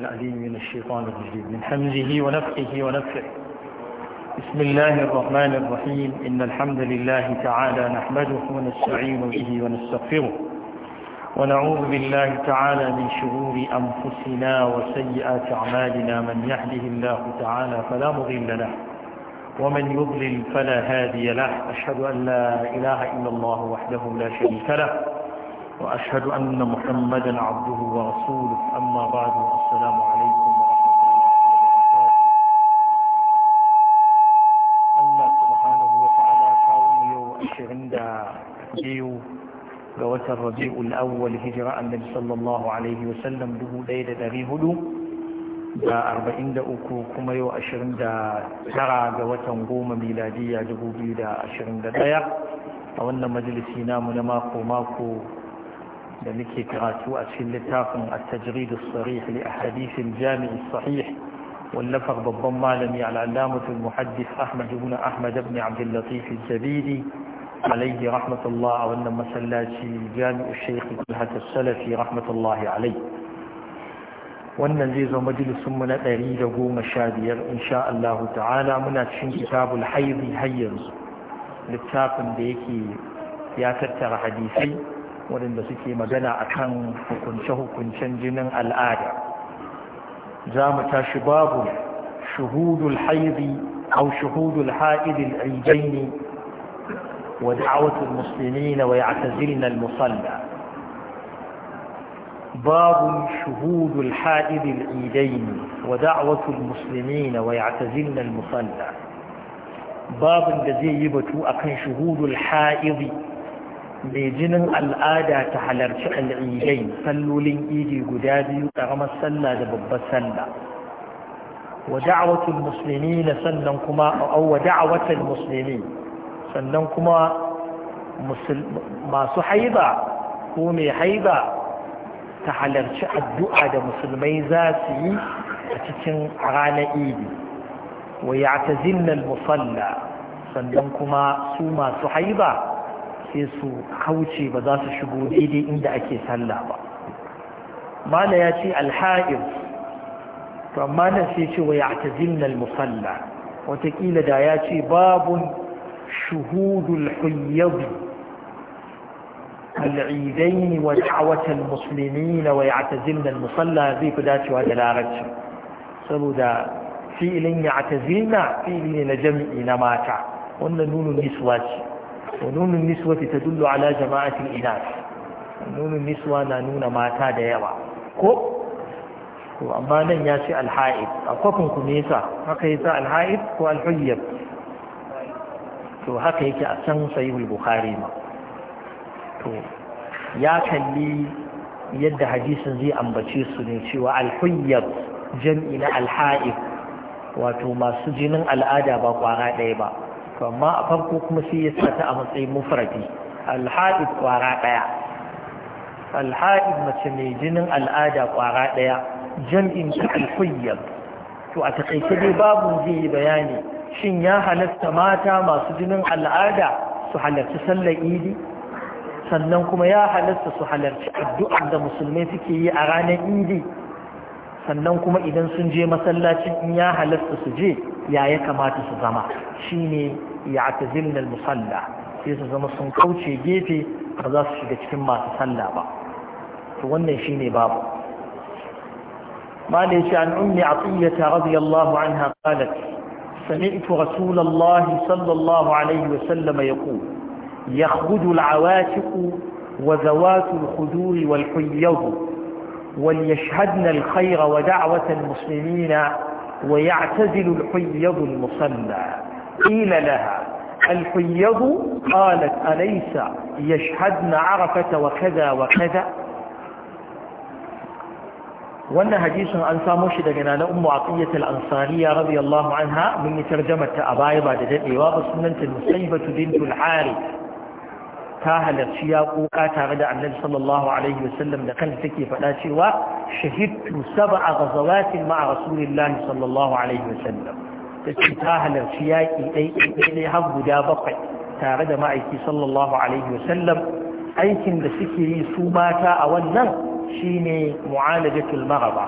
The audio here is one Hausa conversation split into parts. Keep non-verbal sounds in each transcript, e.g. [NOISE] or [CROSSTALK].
العليم من الشيطان الرجيم من حمزه ونفقه ونفقه بسم الله الرحمن الرحيم إن الحمد لله تعالى نحمده ونستعين به ونستغفره ونعوذ بالله تعالى من شرور أنفسنا وسيئات أعمالنا من يهده الله تعالى فلا مضل له ومن يضلل فلا هادي له أشهد أن لا إله إلا الله وحده لا شريك له وأشهد أن محمدا عبده ورسوله أما بعد السلام عليكم ورحمة الله وبركاته الله سبحانه وتعالى قوم يو أشرين دا الربيع الأول هجرة النبي صلى الله عليه وسلم له ليلة ذري هدو دا أربعين دا أكو كما يو أشرين دا ترى قوات نقوم ميلادية جهو بيو دا أشرين دا دايق أولنا مجلسي نامنا ماكو ماكو لمكي وأسهل لتاقم التجريد الصريح لأحاديث الجامع الصحيح واللفق بالضمة لم علامة المحدث أحمد بن أحمد بن عبد اللطيف الزبيدي عليه رحمة الله وأن مسلاتي جامع الشيخ كلها السلفي رحمة الله عليه wannan مجلس من أريد قوم الشادير إن شاء الله تعالى insha Allahu ta'ala muna cikin kitabul haizi har yanzu littafin waɗanda suke magana a kan hukunce-hukuncen jinin al'ada za mu tashi babu shuhudul haizi au shuhudul ha'idil aijaini wa da'awatul musulmi na wa ya'tazilna al-musalla باب شهود الحائض العيدين ودعوة المسلمين ويعتزلن المصلى باب الذي يبتو أكن شهود الحائض mai jinin al'ada ta halarci al'idai sallolin idi guda biyu ƙaramar sallah da babbar sallah wa da'awatul musulmi na sannan kuma wa musulmi sannan kuma masu haiba ko mai haiba ta halarci addu'a da musulmai za su yi a cikin ranar idi wa ya ta musalla sannan kuma su masu haiba sai su hauce ba za su shigo daidai inda ake sallah ba mana ya ce alha'ir to amma nan sai ce wa ya musalla Wataƙila da ya ce babun shuhudul huyyabi al'idaini wa ta'awatan musulmi na wa ya musalla zai fi dacewa da larabci saboda fi'ilin ya ta zinna fi'ili ne na jami'i na mata wannan nunin nisuwa ce ونون النسوة تدل على جماعة الإناث نون النسوة نانون ماتا ديوا كو to amma nan ya ce alha'id a kwafin ku nesa haka ya sa alha'id ko alhuyyab to haka yake a can sahihul bukhari ma to ya kalli yadda hadisin zai ambace su ne cewa alhuyyab jam'i na Alha'i? wato masu jinin al'ada ba kwara ɗaya ba to amma a farko kuma sai ya sata a matsayin mufradi alha'id kwara daya alha'id mace mai jinin al'ada kwara daya jam'in ta alhuyyab to a takaice dai babu zai yi bayani shin ya halatta mata masu jinin al'ada su halarci sallar idi sannan kuma ya halatta su halarci addu'ar da musulmai suke yi a ranar idi sannan kuma idan sun je masallacin in ya halatta su je ya ya kamata su zama shine يعتزلن المصلى في su سن sun kauce gefe في za su shiga cikin masu sallah ba to عن أم عطية رضي الله عنها قالت سمعت رسول الله صلى الله عليه وسلم يقول يخرج العواتق وذوات الخدور والحيض وليشهدن الخير ودعوة المسلمين ويعتزل الحيض المصلى قيل لها الحيض قالت أليس يشهدن عرفة وكذا وكذا وأن حديث الأنصار مشهد جنال أم عطية الأنصارية رضي الله عنها من ترجمة أبايضة جدد إيواب سنة المسيبة بنت الحارث تاهل ارشياق وقاتا غدا عن نبي صلى الله عليه وسلم لقل فكي فلا شوى شهدت سبع غزوات مع رسول الله صلى الله عليه وسلم da ce ta halarci yaƙi ɗaiɗaiɗai har guda bakwai tare da ma'aiki sallallahu alaihi wasallam aikin da suke yi su mata a wannan shine mu'alajatul maraba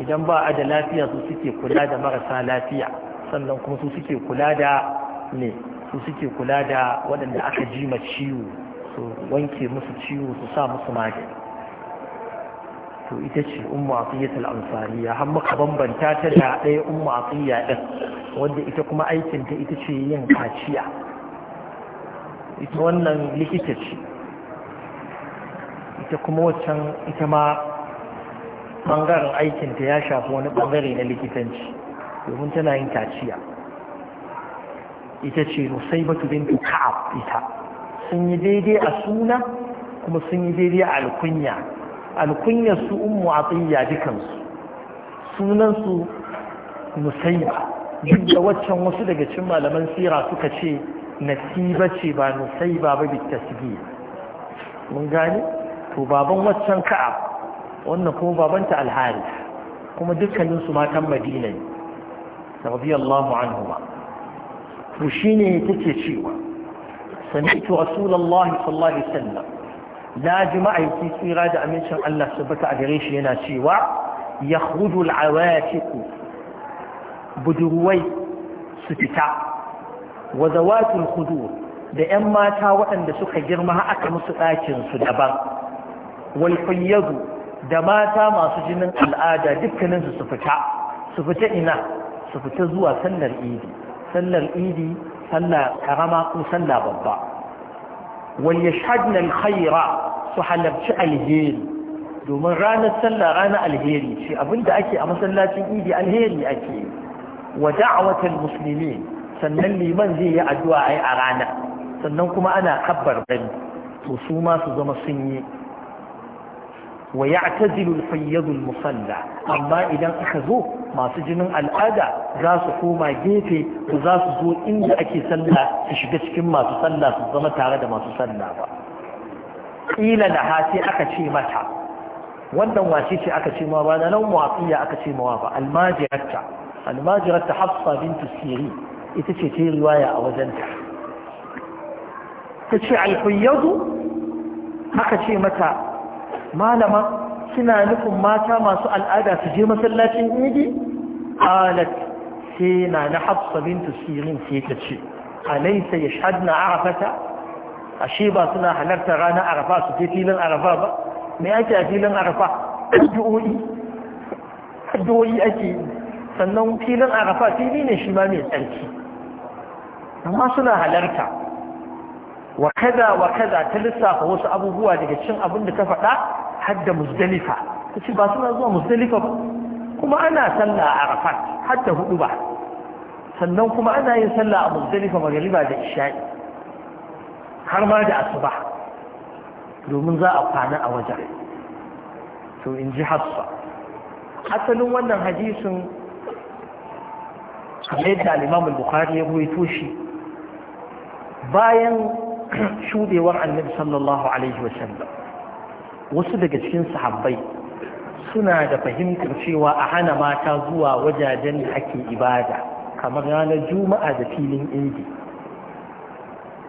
idan ba a da lafiya su suke kula da marasa lafiya sannan kuma su suke kula da ne su suke kula da waɗanda aka ji ma ciwo su wanke musu ciwo su sa musu magani to ita ce ummu aqiyatul ansariya har muka bambanta ta da ɗaya umma aqiya din wanda ita kuma aikin ta ita ce yin kaciya ita wannan likita ce ita kuma waccan ita ma bangaren aikin ta ya shafi wani bangare na likitanci domin tana yin kaciya ita ce nusaibatu bintu ka'ab ita sun yi daidai a suna kuma sun yi daidai a alkunya alkunyar su ummu atiyya dukansu sunan su musayba duk da waccan wasu daga cikin malaman sira suka ce nasiba ce ba nusaiba ba bi tasbih mun gane to baban waccan ka'a wannan kuma babanta alhari kuma dukkanin su matan madina ne radiyallahu ba. to shine take cewa sami'tu rasulullahi sallallahu alaihi wasallam na ji ma'aiki tsira da amincin Allah su a gare shi yana cewa ya hudu al'awatiku budurwai su fita wa hudu da ‘yan mata waɗanda suka girma aka musu ɗakinsu daban wal da mata masu jinin al'ada dukkaninsu su fita su fita ina su fita zuwa sallar idi sallar idi sallar karama ko sallar babba وليشهدن su halarci alheri domin ranar sallah ranar alheri ce abinda ake a masallacin idi alheri ake wa da'watul muslimin sannan liman zai yi addu'a ai a rana sannan kuma ana kabbar gani to su ma su zama sun yi wa ya'tazilu al-fayyad musalla amma idan aka zo masu jinin al'ada za su koma gefe za su zo inda ake sallah su shiga cikin masu sallah su zama tare da masu sallah ba ƙila laha sai aka ce mata wannan wace ce aka ce ma ba nan muwafiya aka ce ma ba almajirata almajirata hafsa bintu siri ita ce ta riwaya a wajenta ta ce alhuyyadu aka ce mata malama suna nufin mata masu al'ada su je masallacin idi qalat sai na na hafsa bintu sirin sai ta ce sai alaysa yashhadna arafata ashe ba suna halarta ranar arafa su je filin arafa ba me ake a filin arafa addu'o'i addu'o'i ake yi sannan filin arafa fili ne shi ma mai tsarki amma suna halarta wa kaza wa kaza ta lissafa wasu abubuwa daga cin abin da ta faɗa har da muzdalifa ta ce ba suna zuwa muzdalifa ba kuma ana sallah a arafat har da hudu ba sannan kuma ana yin sallah a muzdalifa magariba da isha'i har ma da asuba domin za a kwana a wajen to in ji hassa asalin wannan hadisin kamar yadda al-imam al-bukhari ya ruwaito shi bayan shuɗewar annabi sallallahu alaihi wasallam wasu daga cikin sahabbai suna da fahimtar cewa a hana mata zuwa wajajen da ake ibada kamar ranar juma'a da filin indi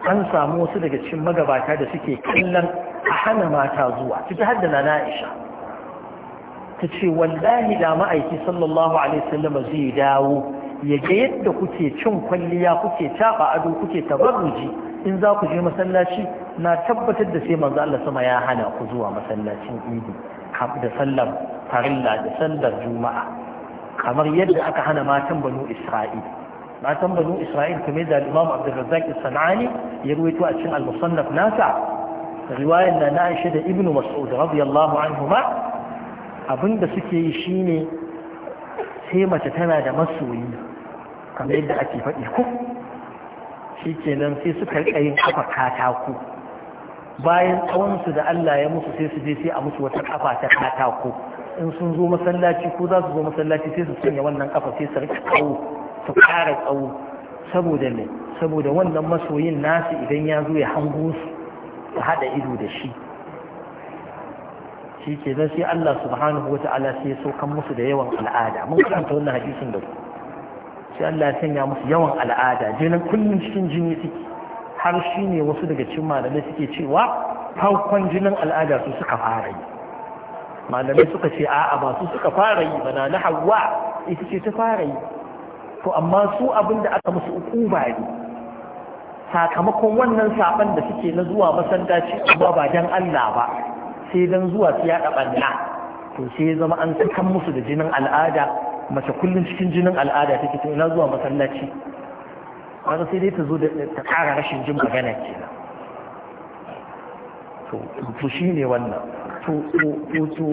an samu wasu daga cikin magabata da suke kallon a hana mata zuwa ciki har da na'isha ta ce wallahi da ma'aiki sallallahu alaihi wasallam zai dawo ya ga yadda kuke cin kwalliya kuke taba ado kuke tabarruji in za ku je masallaci na tabbatar da sai manzo Allah sama ya hana ku zuwa masallacin idi da sallar farilla da sallar juma'a kamar yadda aka hana matan banu isra'il matan banu isra'il kuma da imam abdurrazzaq as-sanani ya ruwaito a cikin al-musannaf nasa riwayar na Aisha da ibnu mas'ud radiyallahu anhuma abinda suke yi shine sai mace tana da masoyi kamar yadda ake faɗi ko shi nan sai suka riƙa yin kafa katako bayan tsawonsu da Allah ya musu sai su je sai a musu wata kafa ta katako in sun zo masallaci ko za su zo masallaci sai su sanya wannan kafa sai su rika tsawo su ƙara tsawo saboda me saboda wannan masoyin nasu idan ya zo ya hango su su haɗa ido da shi shi ke zan sai Allah subhanahu wa ta'ala sai ya saukan musu da yawan al'ada mun karanta wannan hadisin da ku sai Allah ya sanya musu yawan al'ada jinin kullum cikin jini suke har shi ne wasu daga cikin malamai suke cewa farkon jinin al'ada su suka fara yi malamai suka ce a'a ba su suka fara yi bana na hawa ita ce ta fara yi to amma su abin da aka musu ba ne sakamakon wannan saban da suke na zuwa masallaci amma ba dan Allah ba sai dan zuwa su ya banna to sai zama an sukan musu da jinin al'ada mace kullum cikin jinin al'ada take to ina zuwa masallaci kaga sai dai ta zo da ta kara rashin jin magana kenan to to shine wannan to to to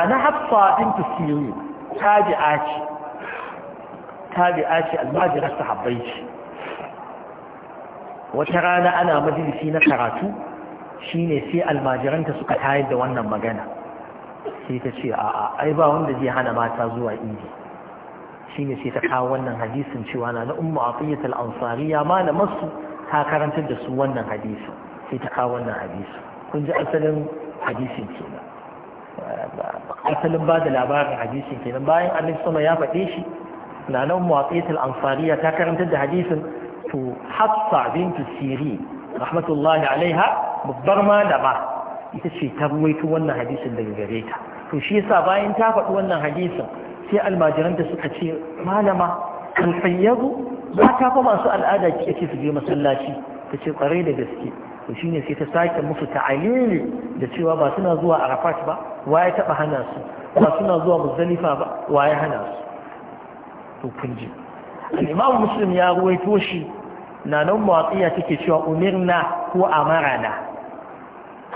ana hafsa din tasiri tabi'a ce tabi'a ce almajirar sahabbai ce wata rana ana majalisi na karatu shine sai almajiranta suka tayar da wannan magana sai ta ce a'a ai ba wanda zai hana mata zuwa inji ne sai ta kawo wannan hadisin cewa na ummu atiyat al-ansariya malamar su ta karantar da su wannan hadisi sai ta kawo wannan hadisi kun ji asalin hadisin kenan asalin ba da labarin hadisin kenan bayan annabi sama ya faɗe shi na nan muwatsiyat ansariya ta karantar da hadisin to hafsa bintu siri rahmatullahi alaiha babbar malama ita ce ta ruwaito wannan hadisin daga gare ta to shi yasa bayan ta faɗi wannan hadisin sai almajiran da suka ce malama ba mata fa masu al'ada ki ake su je masallaci ta ce kwarai da gaske to shine sai ta sake musu ta'alili da cewa ba suna zuwa arafat ba wa ya taba hana su ba suna zuwa muzdalifa ba wa ya hana su to kun ji al'imam muslim ya ruwaito shi na nan mawaƙiya take cewa umirna ko amarana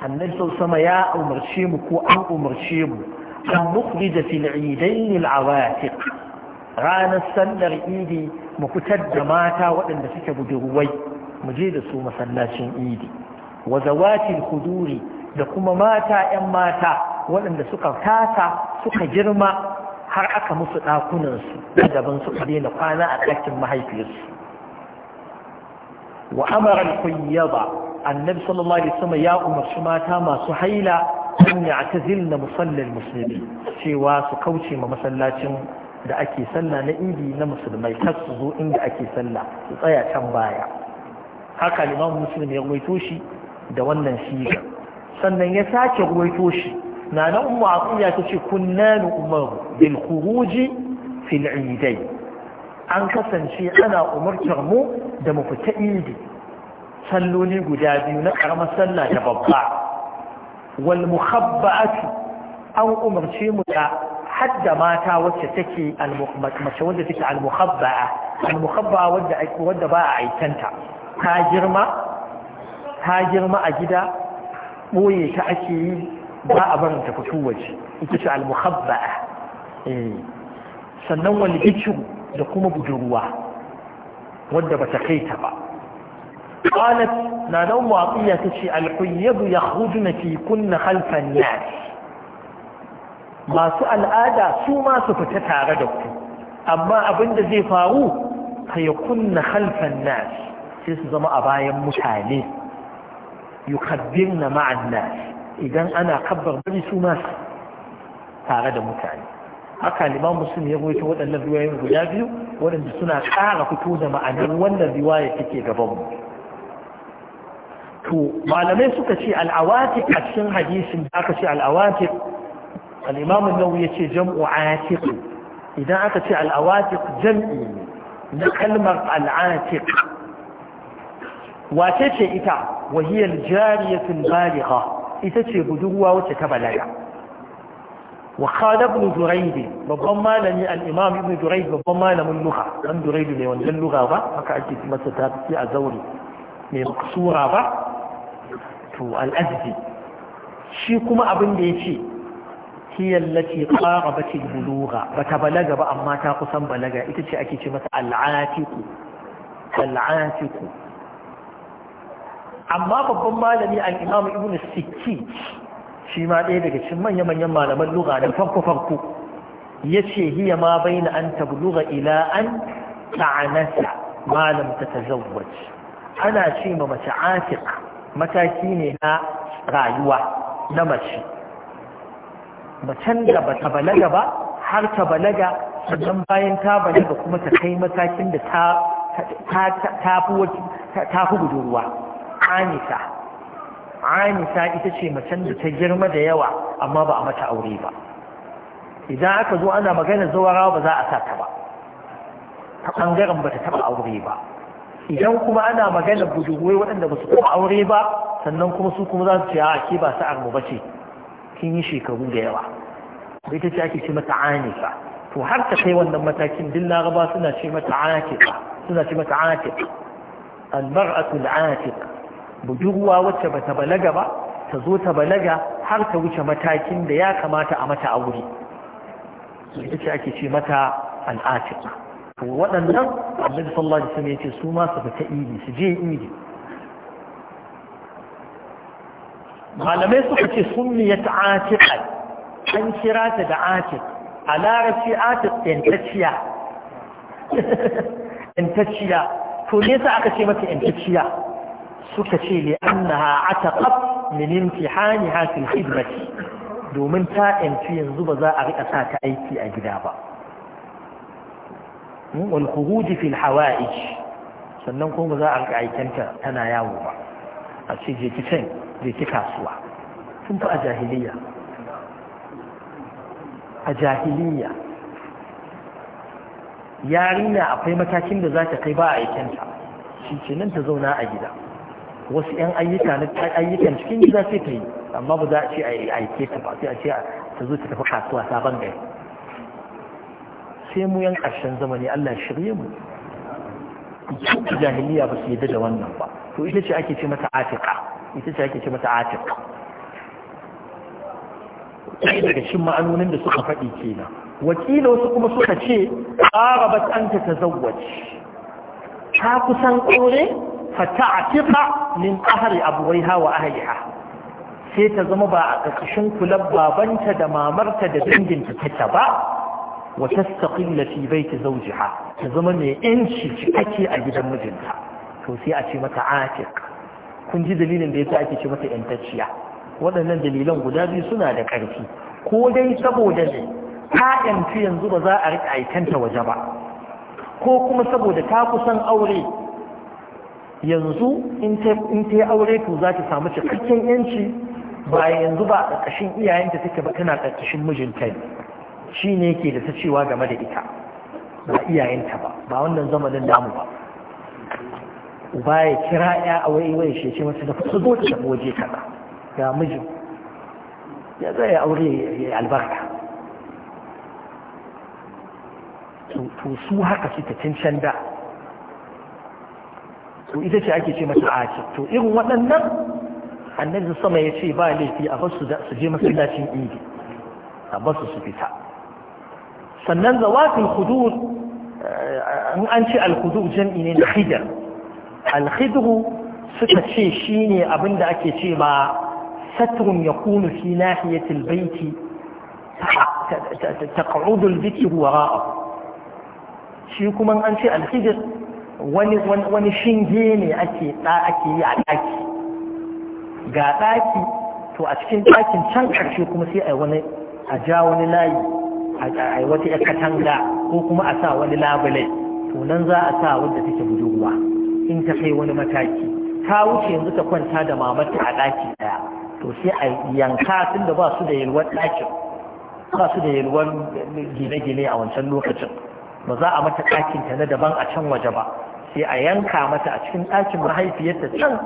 annabi sau sama ya umarce mu ko an umarce mu an mukhrija fil idain al ranar sallar idi mu fitar da mata waɗanda suke budurwai mu je da su masallacin idi wa zawatil huduri da kuma mata 'yan mata waɗanda suka tasa suka girma har aka musu ɗakunansu da daban suka daina kwana a ɗakin mahaifiyarsu wa amara al annabi sallallahu alaihi wasallam ya umarci mata masu haila an ya'tazilna musallal musulmi cewa su kauce ma masallacin da ake sallah na idi na musulmai kar su zo inda ake sallah su tsaya can baya haka limamu musulmi ya ruwaito shi da wannan shiga sannan ya sake ruwaito shi na na umma aqiya ta ce kunna nu umaru bil khuruji fil idai an kasance ana umartar mu da mu fita idi salloli guda biyu na karamar sallah da babba wal an umarce mu ta hadda mata wacce take mace wanda take al-mukhabba'a al-mukhabba'a wanda ba a aikanta ta girma ta girma a gida boye ta ake yi ba a barin ta fito waje ita ce al eh sannan wal bichu da kuma budurwa wanda ta kai ta ba qalat na nan waƙiya ta ce alƙuyyadu ya hudu na fi kunna halfan nas masu al'ada su ma su fita tare da ku amma abin da zai faru ka kunna halfan nasi sai su zama a bayan mutane yukabbir na ma'an nasi idan ana kabbar bari su ma tare da mutane haka liman musulun ya goyi waɗannan riwayoyin guda biyu waɗanda suna ƙara fito da ma'anar wannan riwaya take gabanmu to malamai suka ce al'awatik a cikin hadisin da aka ce al'awatik al'imamun nau ya ce jam'u atik idan aka ce al'awatik jam'i na kalmar al'atik wace ce ita wahiyar jariyatun baliha ita ce budurwa wacce ta balaga wa khala ibn jurayd babban malami al-imam ibn jurayd babban malamin lugha dan jurayd ne wannan lugha ba haka ake masa tafi a zauri mai maksura ba wato al'azdi shi kuma abin da ya ce hiyallaci ƙara bace buluga ba ta balaga ba amma ta kusan balaga ita ce ake ce masa al'atiku al'atiku amma babban malami al'imam ibn sikki shi ma ɗaya daga cikin manya-manyan malaman lura da farko-farko ya ce hiya ma bai na an tabluga ila an ta'anasa malam ta tazawwaj ana ce ma mace atika mataki ne na rayuwa na mace macen da ba ta balaga ba har ta balaga sannan bayan ta balaga kuma ta kai matakin da ta fi budurwa anisa anisa ita ce macen da ta girma da yawa amma ba a mata aure ba idan aka zo ana magana zuwa rawa ba za a sa ba ta ɓangaren ba ta taɓa aure ba idan kuma ana magana budurwai waɗanda ba su kuma aure ba sannan kuma su kuma za su ce a ke ba sa'ar ba ce kin yi shekaru da yawa ita ce ake ce mata anifa to har ta kai wannan matakin din laraba suna ce mata atiqa suna ce mata atiq almar'atu al'atiq budurwa wacce ba ta balaga ba ta zo ta balaga har ta wuce matakin da ya kamata a mata aure ita ce ake ce mata al'atiq to waɗannan annabi sallallahu alaihi wasallam yace su ma su fita idi su je idi malamai suka ce sunniyat atiqan an kira ta da atiq a larabci atiq yantacciya yantacciya [LAUGHS] to ne sa aka ce mata yantacciya suka ce li annaha ataqat min imtihaniha fil khidmati domin ta yanci yanzu ba za a riƙa sa ta aiki a gida ba wal khuruj fil sannan kuma za a aikanta tana yawo ba a ce je ki can je ki kasuwa sun fi a jahiliya a jahiliya yarinya akwai matakin da za ta kai ba a aikanta shi ce nan ta zauna a gida wasu 'yan ayyuka na ayyukan cikin gida sai ta yi amma ba za a ce a aike ta ba sai a ce ta zo ta tafi kasuwa sabon gari sai mu yan ƙarshen zamani Allah shirye mu cikin jahiliya ba su yi da wannan ba to ita ce ake ce mata atika ita ce ake ce mata atika sai daga shin ma'anonin da suka faɗi kenan wakila wasu kuma suka ce ƙara ba tazawwaj ta kusan ƙore? fata a tifa min ahli hawa a ahliha sai ta zama ba a ƙarƙashin kulab babanta da mamarta da danginta take ba wa tastaqilla fi baiti zawjiha ta zama mai yanci cikakke a gidan mijinta to sai a ce mata atiq kun ji dalilin da yasa ake ce mata yantacciya waɗannan dalilan guda biyu suna da ƙarfi ko dai saboda ne ta yanzu ba za a riƙa aikanta waje ba ko kuma saboda ta kusan aure yanzu in ta yi aure to za samu cikakken yanci ba yanzu ba a ƙarƙashin iyayenta take ba tana ƙarƙashin mijinta ne shi ne ke da ta cewa game da ita ba iyayenta ba ba wannan zamanin damu ba uba ya kira ya a wai wai shi ce masa da ku zo ta tafi waje kaza ga miji ya zai aure ya albarka to su haka ta cancan da to ita ce ake ce mata aci to irin waɗannan annabi sama ya ce ba laifi a basu su je masallacin idi a basu su fita فنان ذوات الخدود أنشئ الخدود جمعين الخدر الخدر ستة شيء شيني أبن دعك ما ستر يكون في ناحية البيت تقعود البيت وراءه شيكم من أنشئ الخدر ونشنجيني أكي لا أكي يعني أكي قاعد أكي تو أشكين أكي نشنجر شيكم سيئة ونشنجر أجاوني لاي a wata ya katanga ko kuma a sa wani labule to nan za a sa wadda take budurwa in ta kai wani mataki ta wuce yanzu ta kwanta da mamarta a ɗaki ɗaya to sai a yanka tun da ba su da yalwar ɗakin ba su da yalwar gine-gine a wancan lokacin ba za a mata ɗakin ta na daban a can waje ba sai a yanka mata a cikin ɗakin mahaifiyarta can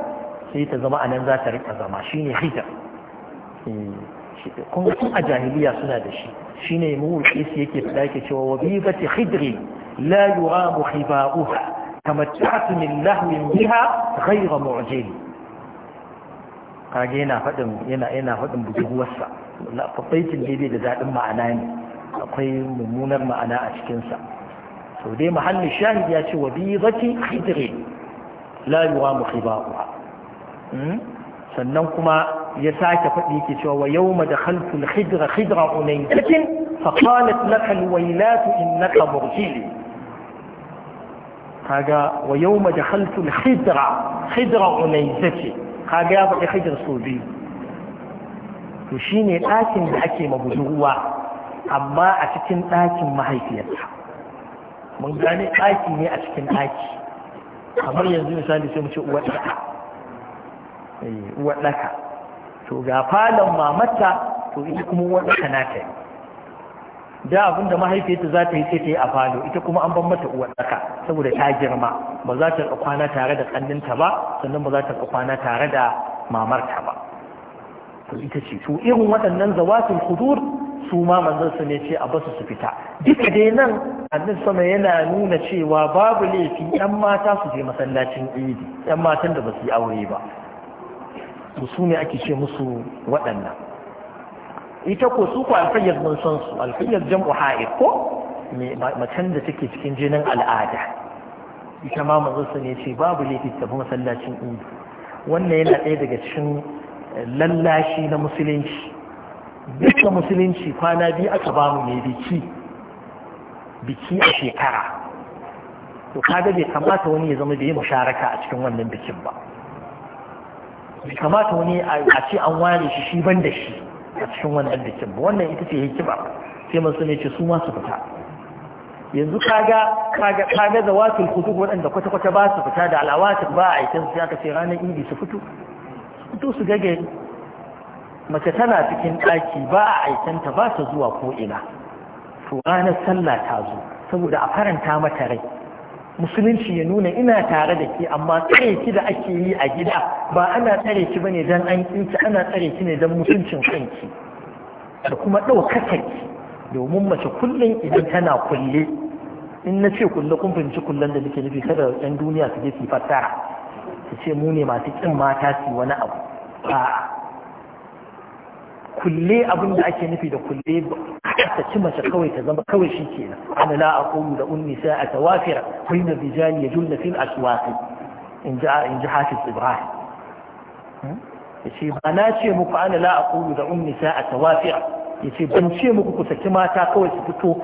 sai ta zama a nan za ta riƙa zama shine hijab eh. shi kun kun a jahiliya suna da shi shi ne mu kisi yake fada yake cewa wabibati khidri la yuramu khiba'uha تمتعت من لهو بها غير معجل kage yana faɗin yana yana faɗin bujuwarsa faɗaikin daidai da daɗin ma'ana ne akwai mummunar ma'ana a cikinsa to dai mahallin shahid ya ce wa bi zaki khidri la yuwa mukhiba'uha hmm? sannan kuma ya sake faɗi yake cewa wa yawma dakhaltu al-khidra khidra unaykatin fa qalat laka al-waylatu innaka murjili kaga wa yawma dakhaltu al-khidra khidra unaykati kaga ya faɗi khidr so biyu to shine ɗakin da ake mabudurwa amma a cikin ɗakin mahaifiyarta mun gane ɗaki ne a cikin ɗaki kamar yanzu misali sai mu ce uwa ɗaka eh, uwa ɗaka to ga falon mamata to ita kuma wanda kana ta yi da abin da mahaifiyarta za ta yi sai ta yi a falo ita kuma an ban mata uwar daka saboda ta girma ba za ta rika kwana tare da kanninta ba sannan ba za ta rika kwana tare da mamarta ba to ita ce to irin waɗannan zawatul kudur, su ma manzon su ne ce a basu su fita duka dai nan annabi sama yana nuna cewa babu laifi yan mata su je masallacin idi yan matan da ba su yi aure ba to su ne ake ce musu waɗannan ita ko su ko alfayyar mun san su alfayyar jam'u ha'id ko macen da take cikin jinin al'ada ita ma manzonsa ne ce babu laifi ta bi masallacin idi wannan yana ɗaya daga cikin eh, lallashi na musulunci duk da musulunci kwana biyu aka ba mu ne biki biki a shekara to kaga bai kamata wani ya zama bai yi musharaka a cikin wannan bikin ba kamata wani a ce an ware shi shi ban da shi a cikin wannan bikin ba wannan ita ce hikima sai masu ne ce su ma fita yanzu kaga kaga kaga zawatul waɗanda wadanda kwata kwata ba su fita da alawatin ba a aikin su aka ce ranar idi su fito su fito su gage mace tana cikin daki ba a aikin ta ba ta zuwa ko'ina. to ranar sallah ta zo saboda a faranta mata rai musulunci ya nuna ina tare da ke amma tsare ki da ake yi a gida ba ana tsare ki bane dan an kinki ana tsare ki ne dan mutuncin kanki da kuma ɗaukakar ki domin mace kullum idan tana kulle in na ce kulle kun fahimci kullum da nake nufi kada yan duniya su je su fassara su ce mu ne masu kin mata su wani abu a'a kulle abin da ake nufi da kulle ta ci mace kawai ta zama kawai shi ke nan ana la aqulu da unni sai a tawafira bayna bijali yajunna fil aswaqi in ji in ji hafiz ibrahim hmm? yace ba na ce muku ana la aqulu da unni sai a tawafira yace ban ce muku ku saki mata kawai su fito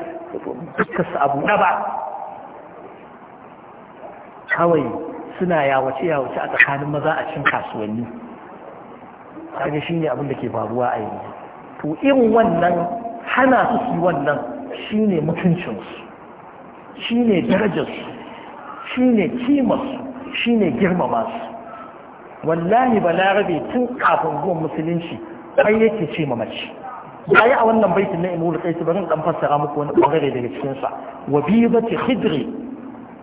fuskar su abu na ba kawai suna yawace yawace a tsakanin maza a cin kasuwanni kaga shine abin da ke faruwa a yanzu to irin wannan hana su su wannan shine mutuncinsu shine darajarsu shine kimarsu shine girmama su wallahi balarabe tun kafin zuwan musulunci ɗan yake ce ma mace yi a wannan baitin na kai su barin ɗan fassara muku wani ɓangare daga cikin sa wa bidati khidri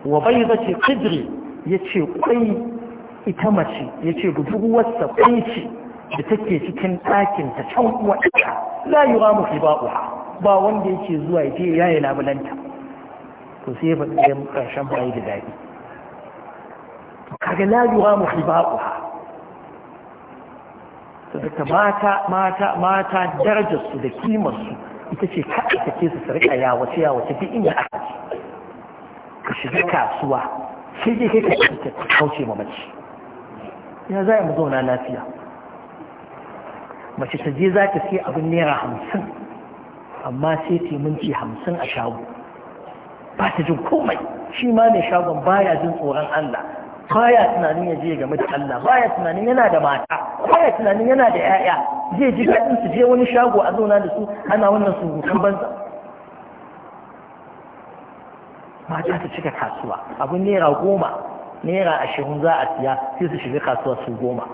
wa baydati Ya ce kwai ita mace yace budurwarsa ƙwai ce da take cikin ɗakin ta can uwarta la yuramu khiba'uha ba wanda yake zuwa ya je yi labulanta to sai ba da ƙarshen bai da dadi kaga la yuramu khiba'uha ta da mata mata mata darajarsu da kimarsu ita ce kada ta su su sarƙa ya wace ya wace duk inda aka ce ka shiga kasuwa sai dai kai ka kauce ma mace ya za mu zauna lafiya mace ta je za ta sai abin naira hamsin amma sai ta minti hamsin a shago ba ta jin komai shi ma mai shagon baya jin tsoron Allah baya tunanin ya je game da Allah baya tunanin yana da mata baya tunanin yana da 'ya'ya zai ji daɗin su je wani shago a zauna da su ana wannan surutan banza mata ta cika kasuwa abin naira goma naira ashirin za a siya sai su shiga kasuwa su goma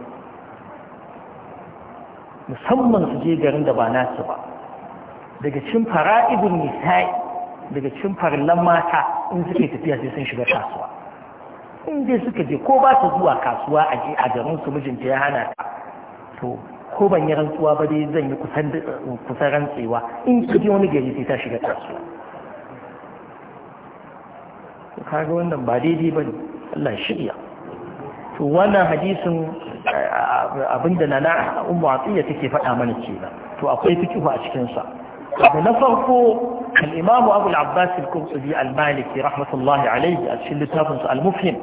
musamman su je garin da ba nasu ba daga cin fara'idun nisa'i daga cin farillan mata in suke tafiya sai sun shiga kasuwa in dai suka je ko ba su zuwa kasuwa a je a garin su mijinta ya hana ta to ko ban yi rantsuwa ba dai zan yi kusan rantsewa in ki je wani gari sai ta shiga kasuwa kaga wannan ba daidai ba ne Allah shirya wannan hadisin abinda na na umu atiyya take faɗa mana kenan to akwai fikihu a cikin sa na farko al-imamu abu al al al-maliki rahmatullahi alaihi a cikin littafinsa al-mufhim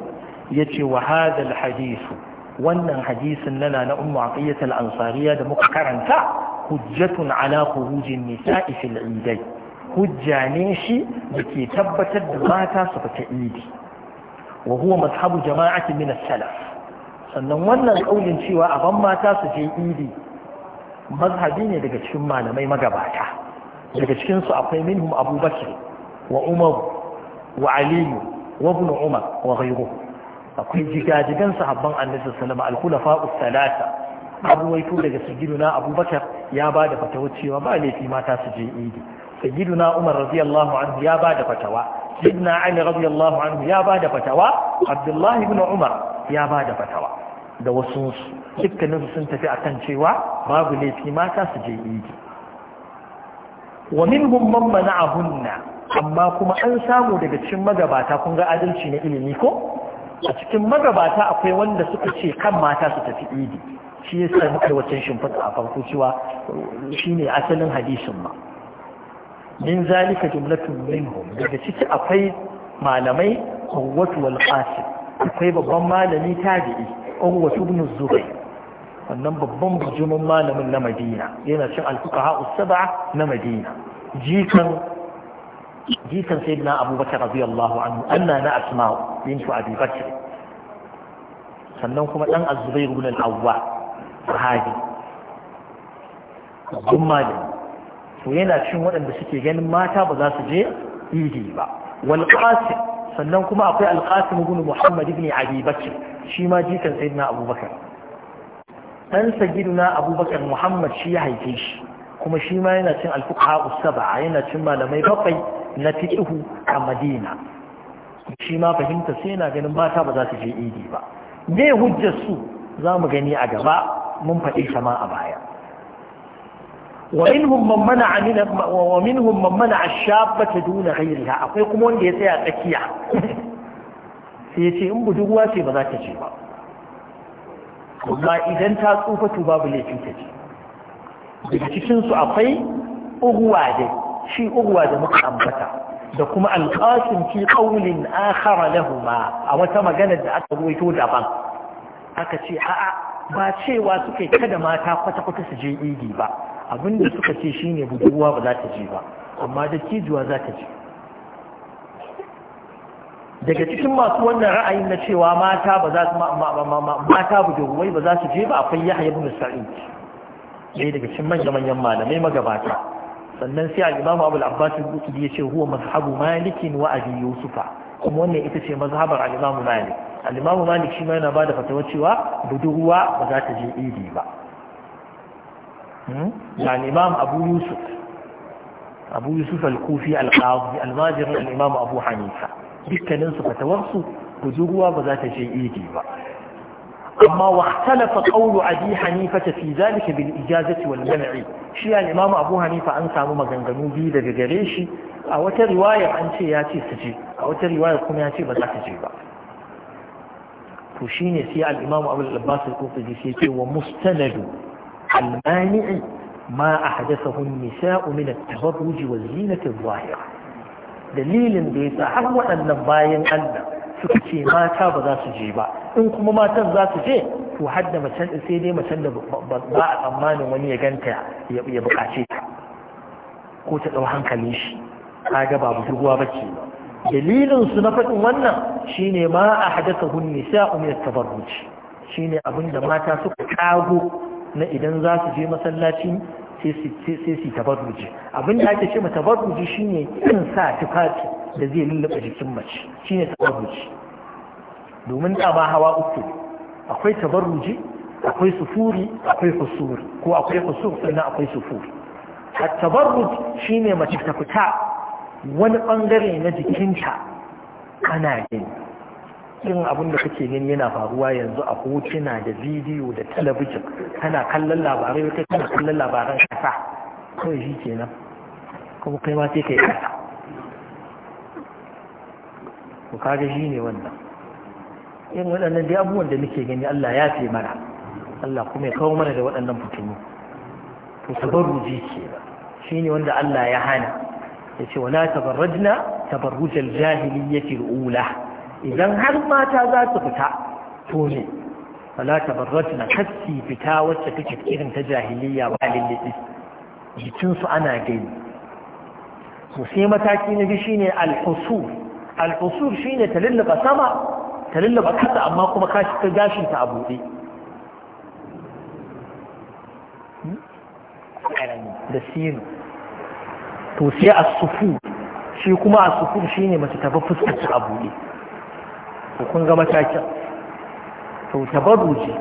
ya wa hadha hadisu wannan hadisin nana na umu atiyya al da muka karanta hujjatun ala khurujin nisa'i fil idai hujja ne shi da ke tabbatar da mata su fita idi Wahuwa huwa jama'a ki min as sannan wannan kaulin cewa aban mata su je idi mazhabi ne daga cikin malamai magabata daga cikin su akwai minhum Abu Bakr wa Umar wa Ali wa Ibn wa ghayruhu akwai jigajigan sahabban Annabi sallallahu alaihi wasallam al-khulafa as-salasa abuwaito daga sayyiduna Abu Bakr ya ba da fatawa cewa ba laifi mata su je idi sayyiduna Umar radiyallahu anhu ya ba da fatawa sayyidina ali radiyallahu anhu ya bada fatawa abdullahi ibn umar ya bada fatawa da wasu dukkanin sun tafi akan cewa babu laifi mata su je idi wa minhum man mana'ahunna amma kuma an samu daga cikin magabata kun ga adalci na ilimi ko a cikin magabata akwai wanda suka ce kan mata su tafi idi shi yasa muka wacce shimfiɗa a farko cewa shine asalin hadisin ma min zalika jumlatun minhum daga ciki akwai malamai Urwatu wal Qasim akwai babban malami tabi'i Urwatu ibn Zubayr wannan babban bujumin malamin na Madina yana cin al-fuqaha us na Madina jikan jikan sayyidina Abubakar radiyallahu anhu anna na Asma'u bintu Abi Bakr sannan kuma dan Az-Zubayr ibn al-Awwa sahabi babban malami to yana cin waɗanda suke ganin mata ba za su je idi ba wal sannan kuma akwai al qasim ibn muhammad ibn abi bakr shi ma jikan sayyidina abubakar dan sayyidina abubakar muhammad shi ya haife shi kuma shi ma yana cin al fuqaha sab'a yana cin malamai bakwai na fiqh a madina shi ma fahimta sai yana ganin mata ba za su je idi ba me hujjar su za mu gani a gaba mun faɗi sama a baya ومنهم من منع من ومنهم من منع الشابة دون غيرها akwai kuma wanda ya tsaya tsakiya sai yace in budurwa ce ba za ta ce ba amma idan ta tsufa to babu laifi ta ce daga cikin su akwai uguwa da shi uguwa da muka ambata da kuma alqasim fi qawlin akhar lahumma a wata magana da aka ruwaito daban aka ce a'a ba cewa suke kada mata kwata-kwata su je idi ba abin da suka ce shi ne budurwa ba za ta je ba amma da cijuwa za ta je daga cikin masu wannan ra'ayin na cewa mata ba za su mata buduwa ba za su je ba akwai Yahaya, ibn sa'id ne daga cikin manya-manyan malamai magabata sannan sai al-imam abu al'abbas abbas al ya ce huwa mazhabu malikin wa abi yusufa kuma wannan ita ce mazhabar al malik Alimamu malik shi ma yana ba da fatawa cewa budurwa ba za ta je idi ba na imam abu yusuf abu yusuf al-kufi al-qadi al-majirin al-imam abu hanifa dukkaninsu fatawarsu budurwa ba za ta je idi ba أما واختلف قول أبي حنيفة في ذلك بالإجازة والمنع شيئا الإمام أبو حنيفة أن سامو مغنغنو بي دا جريشي أو رواية عن شيء ياتي سجي أو رواية كم ياتي بدا تجيبا فشين سيئا الإمام أبو العباس الكوفي سيئا ومستند المانع ما أحدثه النساء من التبرج والزينة الظاهرة dalilin da ya sa har waɗannan bayan Allah suka ce mata ba za su je ba in kuma matan za su je to har da sai dai macen da ba a tsammanin wani ya ganta ya bukace ta ko ta ɗau hankalin shi kaga ba budurwa ba ke dalilin su na faɗin wannan shine ma a hadasa hun nisa umar tabarruci shine abin da mata suka kago na idan za su je masallaci sai su tabarruji abin da ake ce ma tabarruji shine in sa tufafi da zai lullube jikin mace shine tabarruji domin da ba hawa uku akwai tabarruji akwai sufuri akwai kusur, ko akwai husur sannan akwai sufuri a tabarruj shine mace ta fita wani bangare na jikinta ana gani irin abin da kake gani yana faruwa yanzu a hotuna da bidiyo da talabijin kana kallon labarai kai kana kallon labaran kasa kawai shi kenan kuma kai ma sai kai kasa ku kaga shi ne wannan irin waɗannan dai abubuwan da muke gani Allah ya fi mana Allah kuma ya kawo mana da waɗannan fitinu to ruji ke ba Shi ne wanda Allah ya hana Ya yace wala tabarrajna tabarrujal jahiliyyati al-ula idan har mata za su fita to ne fala na kassi fita wacce take irin ta jahiliya ba lillibi jikinsu ana gani to sai mataki na biyu shine al-husur al-husur shine ta lulluba sama ta lulluba kasa amma kuma ka shi gashin ta a buɗe da sinu to sai as-sufur shi kuma as-sufur shine mace ta ba fuskar ta a buɗe Ko kun ga matakin to tabarruji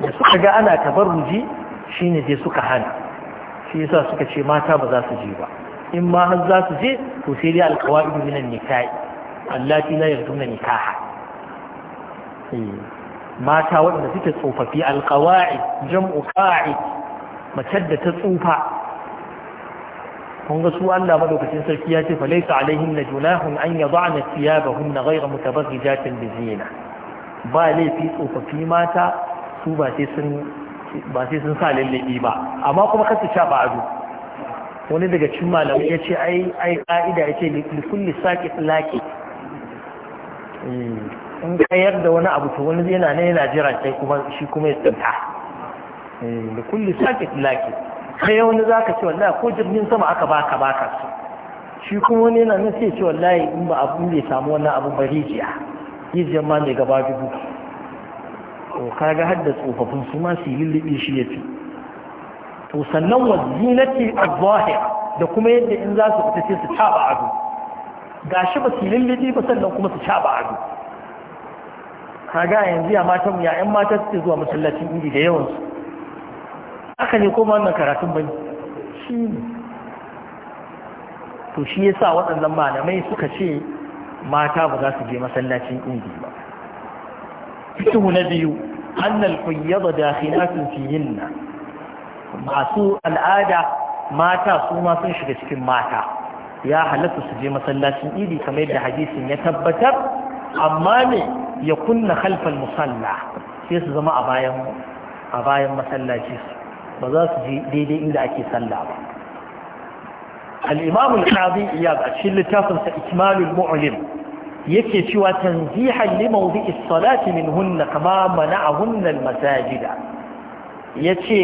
da suka ga ana tabarruji shine je suka hana shi yasa suka ce mata ba za su je ba in ma har za su je to sai dai alqawaidu minan nikahi allati la yarduna nikaha eh, mata waɗanda suke tsofaffi alqawaid jam'u qa'id mace da ta tsufa kun ga su Allah madaukakin sarki ya ce falaisa alaihim na junahun an ya ba'ana thiyabahum na ghayra jatin bi zina ba laifi tsofaffi mata su ba sai sun ba sai sun sa lallabi ba amma kuma kasu sha ba ado wani daga cikin malamai ya ce ai ai ka'ida ya ce likulli saqit laqi eh, in kayar da wani abu to wani yana ne yana jira sai kuma shi kuma ya tsinta eh, likulli saqit laqi kai wani za ka ce wallahi ko jirgin sama aka baka baka su shi kuma wani yana nan sai ce wallahi in ba abu bai samu wannan abu ba rijiya rijiyar ma ne gaba dubu to kaga hadda tsofaffin su ma su yi lulluɓe shi fi. to sannan wazinati az-zahir da kuma yadda in za su fita sai su taba ado shi ba su lullubi ba sannan kuma su taba ado kaga yanzu ya matan ya 'yan mata suke zuwa masallacin indi da yawansu. haka ne kuma wannan karatun bane shi ne to shi yasa waɗannan malamai suka ce mata ba za su je masallacin indi ba fitu na biyu annal kuyyaba dakhilatun fihinna masu al'ada mata su ma sun shiga cikin mata ya halatta su je masallacin idi kamar yadda hadisin ya tabbatar amma ne ya kunna khalfal musalla sai su zama a bayan a bayan masallaci su ba za su ji daidai inda ake sallah ba al-imam al-qadi a cikin littafin sa ikmalul mu'lim yake cewa tanzihan halli mawdi'i as-salati minhunna kama a hunnan masajida yace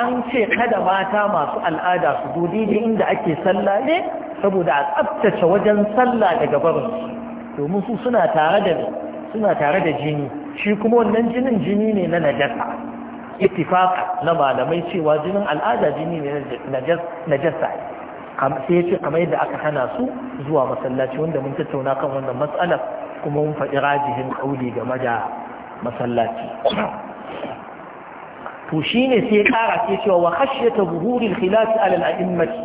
an ce kada mata masu al'ada su zo daidai inda ake sallah ne saboda a tsaftace wajen sallah daga barin domin su suna tare da suna tare da jini shi kuma wannan jinin jini ne na najasa ittifaq na malamai cewa jinin al'ada jini ne na sai ya ce kamar yadda aka hana su zuwa masallaci wanda mun tattauna kan wannan matsalar kuma mun faɗi rajihin ƙauli game da masallaci [CLEARS THROAT] to shine sai ya ƙara sai cewa wa khashyata zuhuril khilafi ala al'immati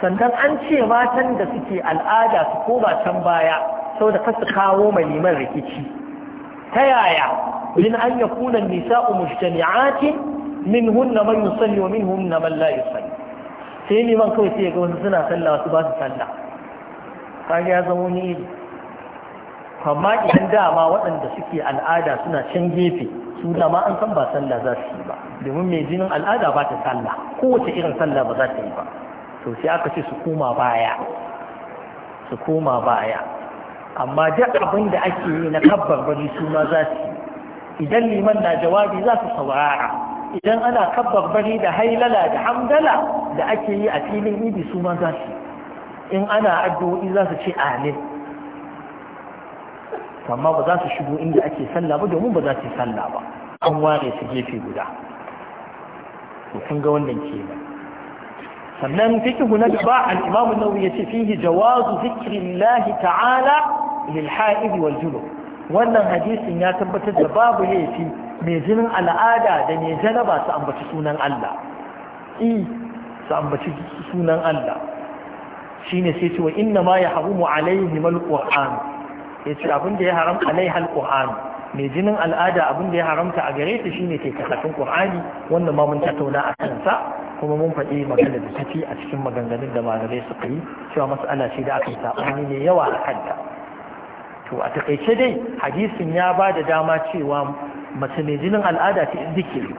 sannan an ce matan da suke al'ada su koma can baya saboda kasu kawo mai liman rikici ta yaya min an yakuna nisa'u mujtami'atin minhunna man yusalli wa minhunna man la yusalli sai liman kawai sai ga wasu suna sallah wasu ba sallah kaga ya zama wani iri amma idan dama waɗanda suke al'ada suna can gefe su dama an san ba sallah za yi ba domin mai jinin al'ada ba sallah kowace irin sallah ba yi ba to aka ce su koma baya amma duk abinda ake yi na kabbar bari su ma yi idan liman na jawabi za su saurara idan ana kabbar bari da hailala da hamdala da ake yi a filin idi su ma su in ana addu'o'i za su ce amin amma ba za su shigo inda ake sallah ba domin ba za su yi sallah ba an ware su gefe guda to kun ga wannan kenan sannan fikihu na gaba al-imam an-nawawi yace fihi jawazu zikrillahi ta'ala lil wal junub wannan hadisin ya tabbatar da babu laifi mai jinin al'ada da mai janaba su ambaci sunan Allah i su ambaci sunan Allah shine sai cewa inna ma ya harumu alaihim alquran yace abin da ya haram alaiha alquran mai jinin al'ada abin da ya haramta a gare ta shine ke karatun qur'ani wannan ma mun tattauna a kan sa kuma mun faɗi magana da tafi a cikin maganganun da malamai suka yi cewa mas'ala shi da aka yi saɓani ne yawa a kanta to a taƙaice dai hadisin ya ba da dama cewa mace mai jinin al'ada ta zikiri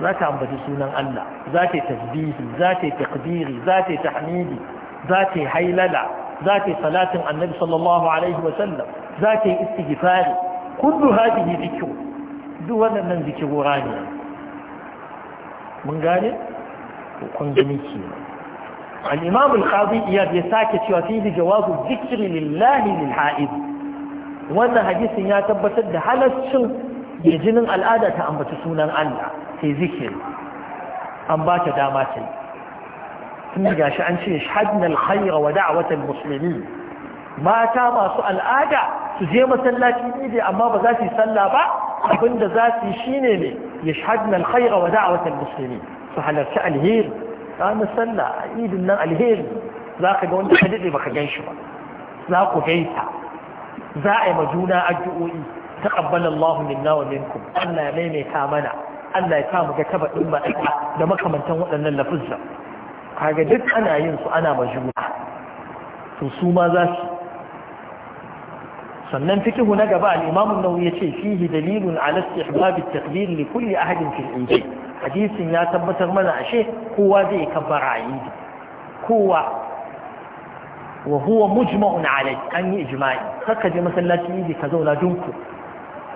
za ta ambaci sunan Allah za ta yi tasbihi za ta yi takbiri za ta yi tahmidi za ta yi hailala za ta yi salatin annabi sallallahu alaihi wa sallam za ta yi istighfari kullu hadihi zikir duk wannan waɗannan zikirora ne mun gane kun gani kenan al-imam al-qadi iyad ya sake cewa fihi jawazu zikiri lillahi lil ha'id wannan hadisin ya tabbatar da halaccin ya jinin al'ada ta ambaci sunan Allah sai zikiri an ba ta dama ta yi tun da shi an ce shahadna al-khayra wa da'wata al mata masu al'ada su je masallaci ne amma ba za su yi sallah ba abinda za su yi shine ne yashhadna al-khayra wa da'wata al su halarci alheri ranar sallah a idin nan alheri za ka ga wanda ka daɗe baka gan shi ba za ku gaita za a yi ma juna addu'o'i Ta Allahu minna wa minkum Allah ya maimaita mana Allah ya sa mu ga taba din maɗaka da makamantan waɗannan lafuzza kaga duk ana yin su ana ma juna to su ma za su sannan fikihu na gaba al-Imam an-Nawawi yace fihi dalilun ala istihbab at-taqdir li kulli ahadin fil injil hadisin ya tabbatar mana ashe kowa zai kabbara idi kowa wa huwa mujma'un alai an yi ijma'i haka je masallacin idi ka zauna dunku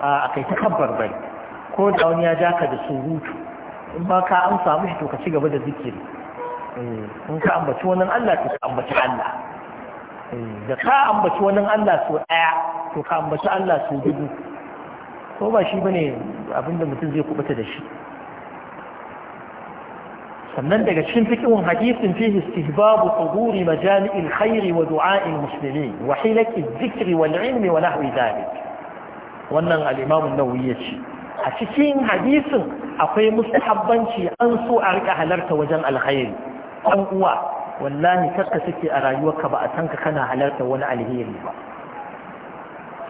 a kai ta kabbar bai ko da wani ya jaka da surutu in ba ka amsa shi to ka ci gaba da zikiri eh, in ka ambaci wannan Allah to ka ambaci Allah eh, da ka ambaci wannan Allah so daya to ka ambaci Allah so dubu ko ba shi bane abinda mutum zai kubuta da shi sannan daga cikin fikin hadisin fi istihbabu tuhuri majami'il khairi wa du'a'il muslimin wa hilaki dhikri wal ilmi wa nahwi dhalik wannan al-imam an-nawawi yace a cikin hadisin akwai mustahabbanci an so a rika halarta wajen alkhairi An uwa wallahi kakka suke a rayuwarka ba a san ka kana halarta wani alheri ba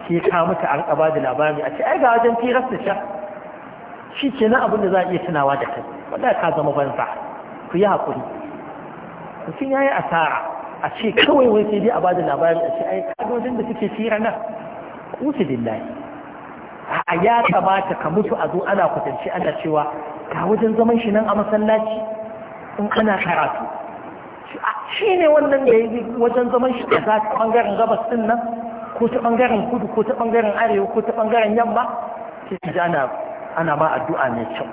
sai ka mutu an ba da labari a ce ai ga wajen firar da sha shi ke na abin da za a iya tunawa da kai Wanda ka zama banza ku yi haƙuri mutum ya yi asara a ce kawai wai sai dai a bada labarin a ce ai kadojin da suke fira nan kusa billahi a ya kamata ka mutu a zo ana kwatance ana cewa ga wajen zaman shi nan a masallaci in ana karatu shi ne wannan da ya yi wajen zaman shi a za ɓangaren gabas din nan ko ta ɓangaren kudu ko ta ɓangaren arewa ko ta ɓangaren yamma sai ana ma addu'a mai kyau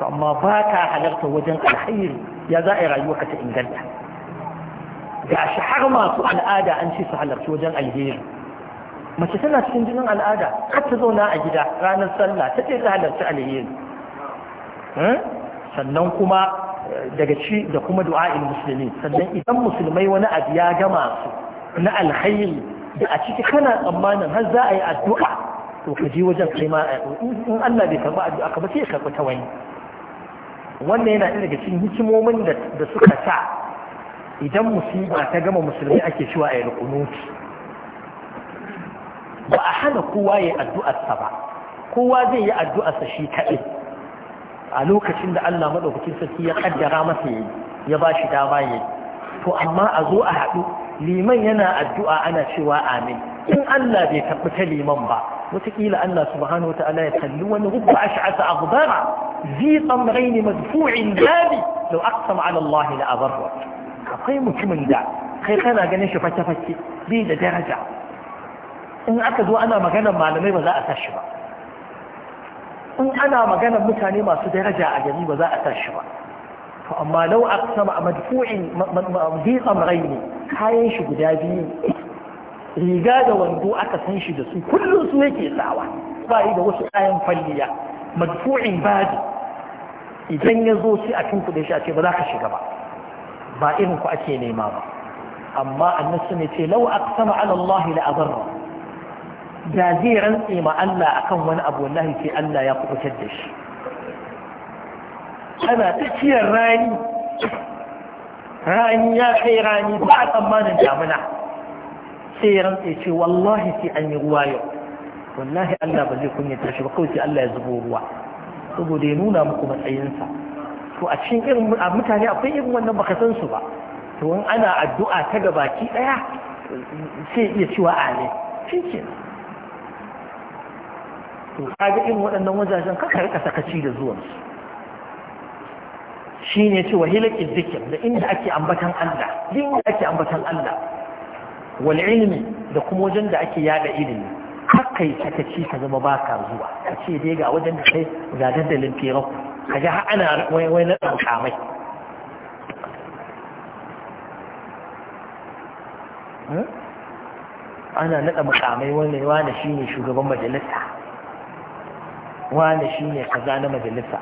to amma ba ta halarta wajen alkhairi ya za a yi rayuwarka ta inganta ga shi har masu al'ada an ce su halarci wajen alheri mace tana cikin jinin al'ada har ta zauna a gida ranar sallah ta ce ta halarci alheri hmm? sannan kuma eh, daga ci da kuma du'a'il musulmi sannan idan musulmai wani abu ya gama su na alkhairi da a ciki kana tsammanin har za a yi addu'a to ka je wajen kai ma eh, in Allah bai karɓi addu'a ka ba sai ya karba ta wani wannan yana ɗaya daga cikin hikimomin da suka sa idan musiba ta gama musulmi ake cewa a yi ba a hana kowa ya yi addu'arsa ba kowa zai yi addu'arsa shi kaɗai a lokacin da Allah maɗaukacin sarki ya ƙaddara masa ya yi ya ba shi dama yi to amma a zo a haɗu liman yana addu'a ana cewa amin in Allah bai tabbata liman ba وتقيل أن سبحانه وتعالى يخلو رب أشعث أغبارا ذي طمرين مدفوع بابي لو أقسم على الله لأبره أقيم كمن دع خير كان أغنيش فتفتي بيد درجة إن أكدوا أنا مغانا معلمي ولا أتشبع إن أنا مغانا متاني ما سدرجة أجري ولا أتشبع فأما لو أقسم مدفوع ذي طمرين كاين شبدا بيه riga da wando aka san shi da su kullum su yake sawa ba yi da wasu kayan falliya madfu'in baji idan ya zo shi a kuɗin shi a ce ba za ka shiga ba ba irin ku ake nema ba amma annasu ne ce lau aqsama ala Allah la abarra da zai rantse ma Allah akan wani abu wallahi sai Allah ya kubutar da shi ana tsakiyar rani rani ya kai rani ba a tsammanin damuna sai ya rantsa ce wallahi sai an yi ruwa yau wallahi Allah ba zai kunyata shi ba kawai sai Allah ya zubo ruwa saboda ya nuna muku matsayinsa to a cikin irin mutane akwai irin wannan baka san su ba to in ana addu'a ta gabaki daya sai iya cewa amin shi ke to kaga irin waɗannan wajajen kaka rika sakaci da zuwansu shine ce hilaki zikir da inda ake ambatan Allah inda ake ambatan Allah wal ilmi da kuma wajen da ake yada ilimi haka yi sakaci ka zama ba zuwa ka ce dai ga wajen da kai ga dandalin firar ka ga ana wai na kamai hmm? ana naɗa mukamai wani wane shi ne shugaban majalisa wane shi ne kaza na majalisa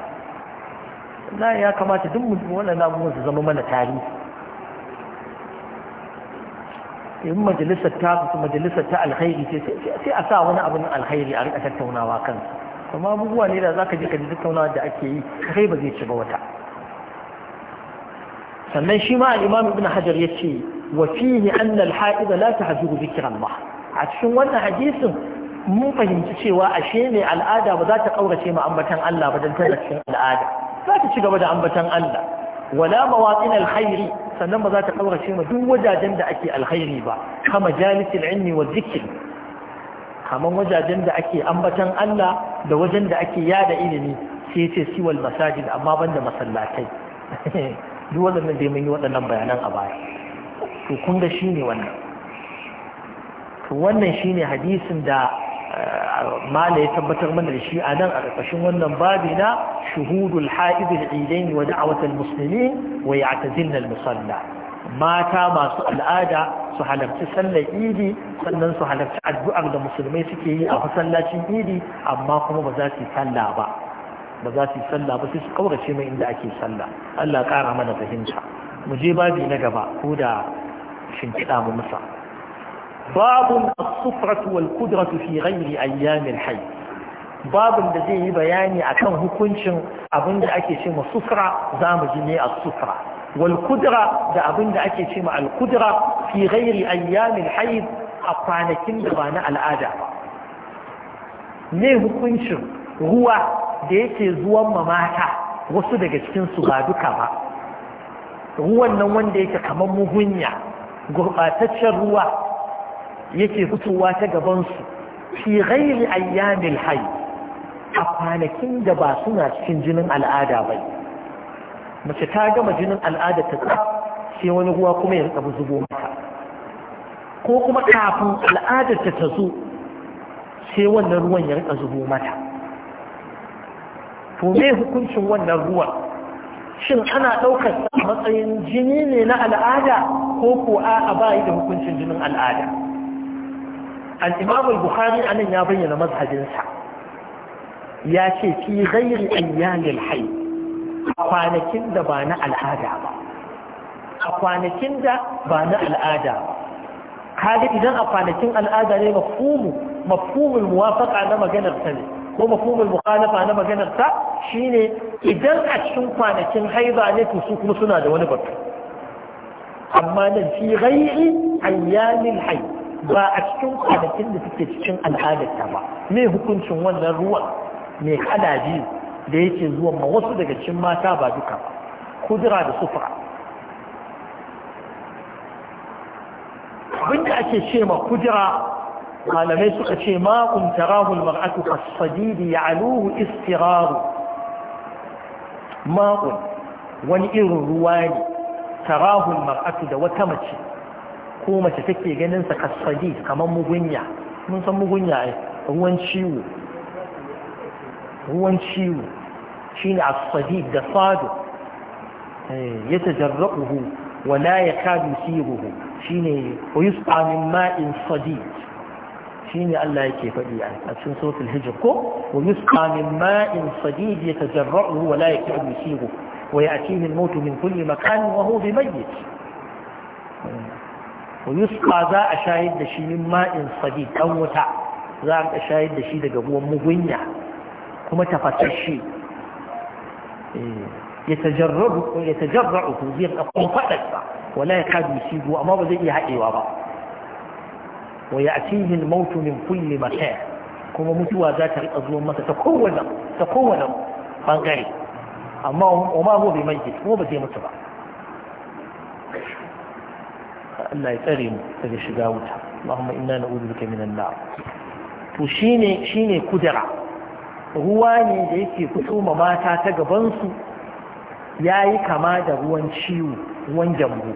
na ya kamata duk mutum wannan na su zama mana tarihi in majalisar ta majalisar ta alkhairi ce sai a sa wani abin alkhairi a rika tattaunawa kansa kuma abubuwa ne da zaka je ka tattaunawa da ake yi kai ba zai ci ba wata sannan shi ma al-imam ibn hajar yace wa fihi anna al-ha'iz la tahzuru ba. a cikin wannan hadisin mun fahimci cewa ashe ne al'ada ba za ta kaurace mu ambatan Allah ba dan tana cikin al'ada za ta ci gaba da ambatan Allah wala mawaqin al-khairi sannan ba za ta kaurace ma duk wajajen da ake alkhairi ba kama jalisil ilmi wa zikir kaman wajajen da ake ambatan Allah da wajen da ake yada ilimi sai sai siwal masajid amma banda masallatai [LAUGHS] duk waɗannan dai mun yi waɗannan bayanan a baya to kun ga shine wannan to wannan shine hadisin da mala ya tabbatar mana da shi a nan a ƙarƙashin wannan babi na shuhudul ha'idul idain wa da'awatul muslimin wa ya'tazinna al-musalla mata masu al'ada su halarci sallar idi sannan su halarci addu'ar da musulmai suke yi a masallacin idi amma kuma ba za su yi sallah ba ba za su yi sallah ba sai su kaurace mai inda ake sallah Allah ƙara mana fahimta mu je babi na gaba ko da shinkiɗa mu musa باب الصفرة والقدرة في غير أيام الحي باب da zai yi bayani akan hukuncin abinda ake ce ma sufra za mu ji ne a sufra wal da abinda ake ce ma al kudra fi ghairi ayyamil hayd a kwanakin da ba na al'ada ba ne hukuncin ruwa da yake zuwan ma mata wasu daga cikin su ba duka ba ruwan nan wanda yake kamar muhunya gurɓataccen ruwa yake fitowa ta gabansu fi ghairi ayyamil hayy a kwanakin da ba suna cikin jinin al'ada bai mace ta gama jinin al'ada ta tsaf sai wani ruwa kuma ya rika zubo mata ko kuma kafin al'ada ta tazo sai wannan ruwan ya rika zubo mata to me hukuncin wannan ruwan shin ana ɗaukar matsayin jini ne na al'ada ko ko a bai da hukuncin jinin al'ada al-imam al-bukhari anan ya bayyana mazhabinsa ya ce fi ghairi ayyamil hayy kwanakin da ba na al'ada ba a kwanakin da ba na al'ada ba kaga idan a kwanakin al'ada ne mafhumu mafhumul muwafaqa na maganar ta ne ko mafhumul mukhalafa na maganar ta shine idan a cikin kwanakin haiza ne to su kuma suna da wani batu amma nan fi ghairi ayyamil hayy ba a cikin kwanakin da suke cikin al'adarta ba me hukuncin wannan ruwan mai kada biyu da yake zuwan ma wasu daga cikin mata ba duka ba kudura da sufura abinda ake ce ma kudura malamai suka ce makon tarahul mar'atu kasadidi ya aluhu istiraru makon wani irin ruwa ne tarahul mar'atu da wata mace ko mace take ganin sa kasfadi kamar mugunya mun san mugunya ai ruwan ciwo ruwan ciwo shine asfadi da sadu ya tajarrahu wa la yakadu siruhu shine wa yusqa min ma'in sadid shine Allah yake fadi a cikin suratul hijr ko wa yusqa min ma'in sadid yatajarrahu wa la yakadu siruhu ويأتيه الموت من كل مكان وهو بميت wa yusqa za a shayar da shi min ma'in sadi ɗan wuta za a shayar da shi daga ruwan mugunya kuma tafasasshe eh, ya tajarrabu ko ya tajarrabu ko zai ɗauko faɗarsa wala ya kadu shi go amma ba zai iya haɗewa ba wa ya'tihi al-maut min kulli makan kuma mutuwa za ta riƙa zuwa masa ta kowane bangare amma wa ma huwa bi mayyit ko ba zai mutu ba Allah ya tsare mu daga shiga wuta Allahumma inna na'udhu bika minan nar to shine shine kudura ruwa ne da yake fito ma mata ta gaban su yayi kama da ruwan ciwo ruwan jambu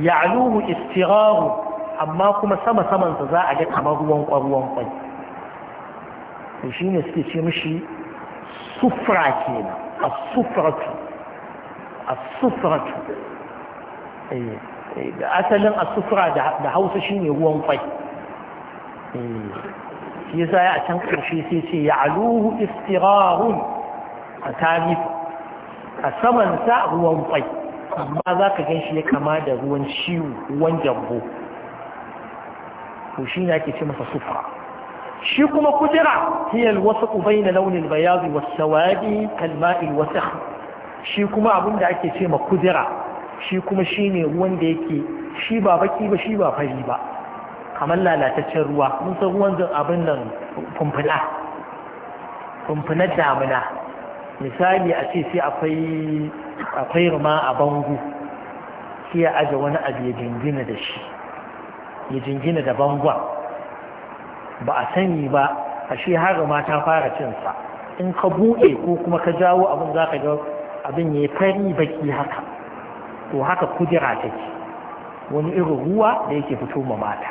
ya'luhu istigharu amma kuma sama saman sa za a ga kamar ruwan kwaruwan kwai to shine suke ce mishi sufra kenan as-sufratu as-sufratu Eh, asalin asufura da hausa shine ruwan kwai eh, shi yasa ya can ƙarshe sai ce ya aluhu istirarun a tarif a samansa ruwan kwai amma za ka gan shi ya kama da ruwan ciwo ruwan jambo to shi ne ake ce masa sufura shi kuma kujira hiyar wasu ubai na launin bayazi wasu sawadi kalma'il wasu shi kuma abin da ake ce ma kujira shi kuma shi ne ruwan da yake shi ba baki ba shi ba fari ba kamar lalataccen ruwa mun san ruwan zan abin nan fumfuna fumfunar damina misali a ce sai akwai akwai ruma a bango sai ya aje wani abu ya jingina da shi ya jingina da bangon ba a sani ba a shi har ruma ta fara cinsa in ka buɗe ko kuma ka jawo abin za ka ga abin ya yi fari baki haka to haka kudira take wani irin ruwa da yake fito ma mata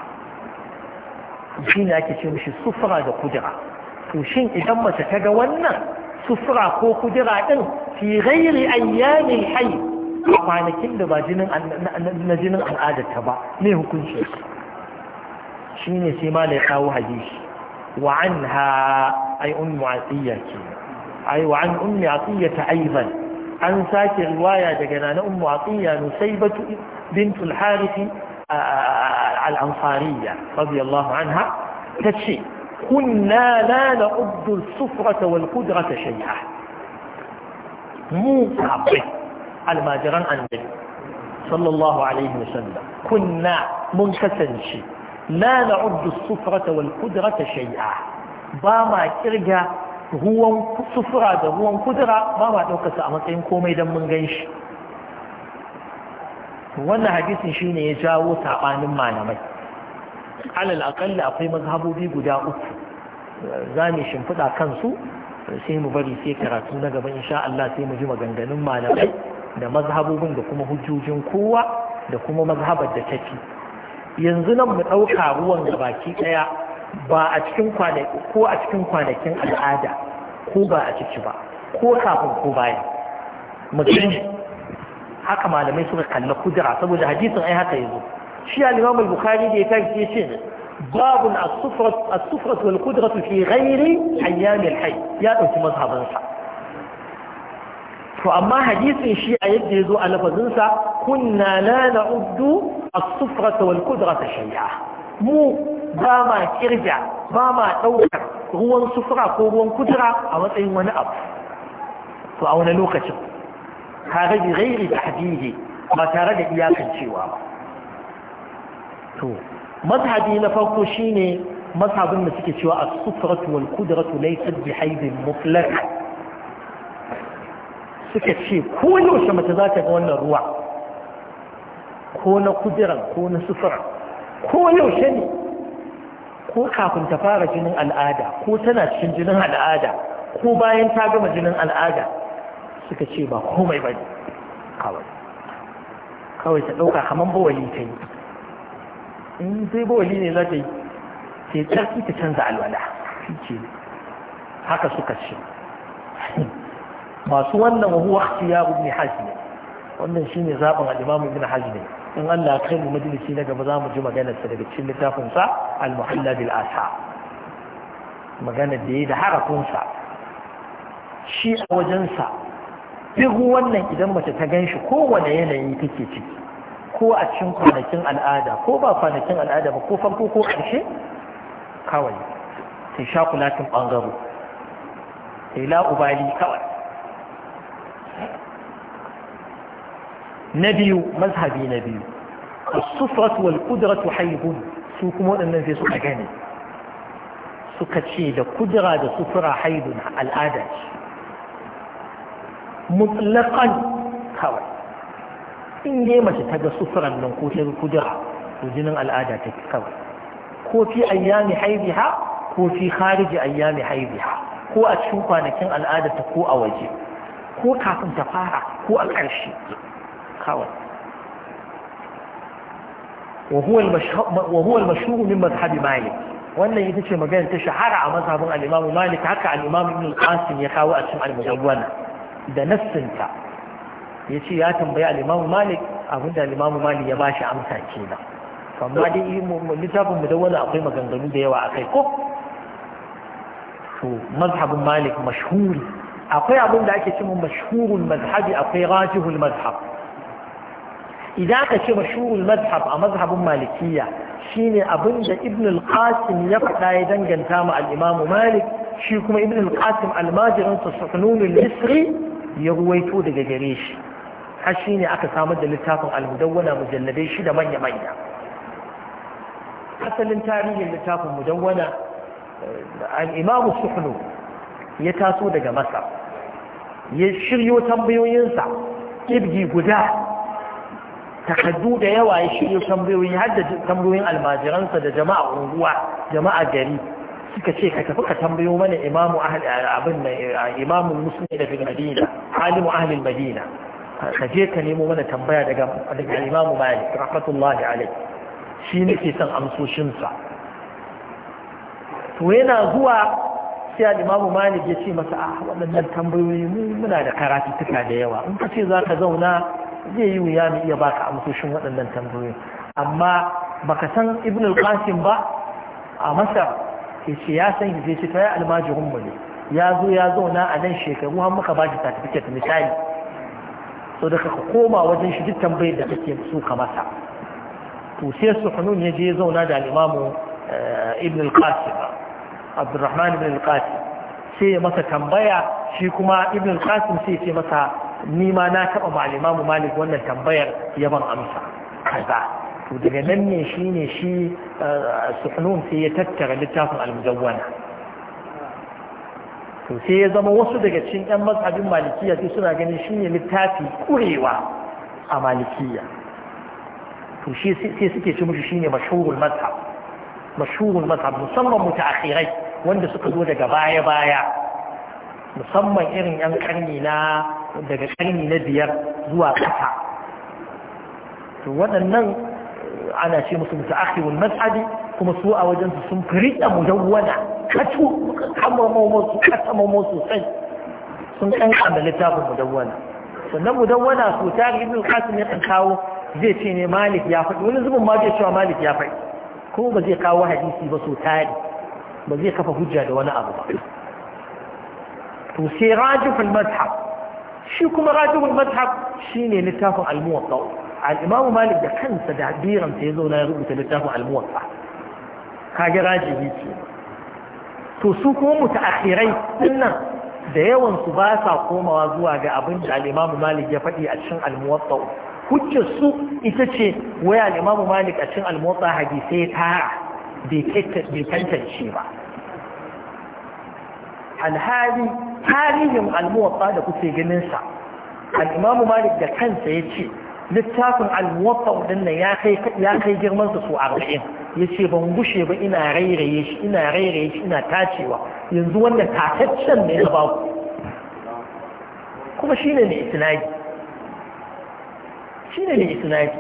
shi ne ake ce mishi sufura da kudira to shin idan mace ta ga wannan sufura ko kudira din fi ghairi ayyamil hayy a kwanakin da ba jinin na jinin al'adarta ba me hukunci shi ne sai ma da ya kawo hadisi wa anha ay ummu asiya ce ay wa an ummi ta aiban. عن ساك ر و ا عطية نسيبة بنت الحارث الأنصارية رضي الله عنها تشي كنا لا نعد السفرة والقدرة شيئا مو ر ة و الماجران عن ذلك صلى الله عليه وسلم كنا منكسن شيء لا نعد السفرة والقدرة شيئا باما كرجا ruwan sufura da ruwan kudura ba ma ɗaukarsa a matsayin komai don mun gan shi wannan hadisin shi ne ya jawo saɓanin malamai alal aƙalla akwai mazhabobi guda uku za mu shimfiɗa kansu sai mu bari sai karatu na gaba insha Allah sai mu ji maganganun malamai da mazhabobin da kuma hujjojin kowa da kuma mazhabar da tafi yanzu nan mu ɗauka ruwan da baki ɗaya ba a cikin ko a cikin kwanakin al'ada ko ba a ciki ba ko kafin ko bayan mutum haka malamai suka kalla kudura saboda hadisin ai haka yanzu shi al-Imam al-Bukhari da ya tafi ya ce babu as-sufra wal kudura fi ghairi ayyam al ya ɗauki mazhabin sa to amma hadisin shi a yadda ya zo a lafazin sa kunna la na'uddu as-sufra wal kudura shay'a mu ba ma kirja ba ma ɗaukar ruwan sufura ko ruwan kudura a matsayin wani abu to a wani lokacin tare da gairi da hadihi ba tare da iyakan cewa ba to mazhabi na farko shine mazhabin da suke cewa as-sufratu wal qudratu laysat bi haidin mutlaq suka ce ko yaushe mace za ta ga wannan ruwa ko na kudiran ko na sufura ko yaushe ne ko kafin ta fara jinin al'ada ko tana cikin jinin al'ada ko bayan ta gama jinin al'ada suka ce ba komai ba ne kawai kawai ta ɗauka kamar bawali ta yi in zai bawali ne za ta yi sai tsarki ta canza alwala shi ce haka suka ce masu wannan wahuwa ya ibn ne wannan shi ne zaɓin alimamu imam ibn ne in Allah kai mu majalisi na gaba za mu ji maganarsa daga cikin littafinsa al-muhalla bil asa magana da yi da harafinsa shi a wajensa duk wannan idan mace ta gan shi kowane yanayi take ciki ko a cikin kwanakin al'ada ko ba kwanakin al'ada ba ko farko ko ƙarshe kawai sai sha kulatin ɓangaro ta kawai Na biyu, mazhabi na biyu sufat wal kudura tu haihun su kuma waɗannan sai suka gane suka ce da kudura da sufura haihun al'ada ce mutlaqan kawai in dai mace ta ga sufuran nan ko ta ga kudura to jinin al'ada ta kawai ko fi ayyami haihuwa ko fi kharije ayyami haihuwa ko a cikin kwanakin ta ko a waje ko kafin ta fara ko a ƙarshe خوت وهو المشهور وهو المشهور من مذهب مالك وانا يتشي مجال تشي حرع مذهب الامام مالك حكى عن الامام ابن القاسم يا خاوة اسمع المجوانة ده نفس انت يتشي يا تنبيع الامام مالك أبدا الامام مالك يباشي عمسا كينا فما دي نتاب إيه مدونة اقيمة قنقلو دي واعقيقو شو مذهب مالك مشهور اقيا ابن لأكي مشهور المذهب اقيا راجه المذهب idan aka ce mashhurul mazhab a mazhabin malikiya shine abin da ibn al-qasim ya faɗa ya danganta mu al-imam malik shi kuma ibn al-qasim al-majirin sa suhnun misri ya ruwaito daga gare shi har shine aka samar da littafin al-mudawwana mujalladai shida manya manya asalin tarihin littafin mudawwana eh, al-imam suhnun ya taso daga masar ya shiryo tambayoyinsa ibgi guda takaddu da yawa ya shirya tambayoyi har da tambayoyin almajiransa da jama'a unguwa jama'a gari suka ce ka tafi ka tambayo mana imamu abin imamun musulmi da fil madina alimu ahlil madina ka je ka nemo mana tambaya daga daga imamu malik rahmatullahi alaihi shi ne ke son amsoshinsa to yana zuwa sai al-imamu malik ya ce masa a ah, waɗannan tambayoyi mu muna da karatuttuka da yawa in ka ce za ka zauna zai yi wuya mu iya baka amsoshin waɗannan tambayoyin amma baka san ibn al-qasim ba a masar ke ce ya san ce ta yi almajirin mu ne ya zo ya zauna a nan shekaru har muka ba shi certificate misali so da ka koma wajen shi duk tambayar da kake so ka masa to sai suhunun ya je zauna da al'imamu eh, ibn al-qasim abdurrahman ibn al-qasim sai ya masa tambaya shi kuma ibn al-qasim sai ya ce masa ni ma na taɓa malimamu malik wannan tambayar yaban amsa kaza to daga nan ne shi ne shi eh, suhnun sai ya tattara littafin almujawwana to sai ya zama wasu daga cikin yan mazhabin malikiya sai suna ganin shi ne littafi kurewa a malikiya to shi sai suke ci mushi shine mashhurul mazhab mashhurul mazhab musamman mutaakhirai wanda suka zo daga baya baya musamman irin yan karni na daga ƙarni na biyar zuwa ƙasa to waɗannan eh, ana ce musu musu akhirul mas'adi kuma su a wajen su sun fi firita mudawwana kacu kamamo musu kasamo sosai sun kankama littafin mu mudawwana sannan mudawwana su tarihi ibn qasim ya kawo zai ce ne malik ya faɗi wani zubin ma zai cewa malik ya faɗi Kuma ba zai kawo hadisi ba so tari ba zai kafa hujja da wani abu ba to sai rajifin mazhab shi kuma rajibul madhab shine littafin al-muwatta al malik da kansa da hadiran sa yazo na ya rubuta littafin al-muwatta kage rajibi ce to su kuma mutaakhirai dinnan da yawan su ba sa komawa zuwa ga abin da al malik ya faɗi a cikin al-muwatta hujjar su ita ce waya al malik a cikin al-muwatta hadisi ya tara bai tantance ba alhali tarihin almuwatta da kuke ganin sa al-imam malik da kansa yace littafin almuwatta wadannan ya kai ya kai girman sa su 40 yace ban gushe ba ina rairaye shi ina rairaye shi ina tacewa yanzu wanda tataccen ne ya ba ku kuma shine ne isnadi shine ne isnadi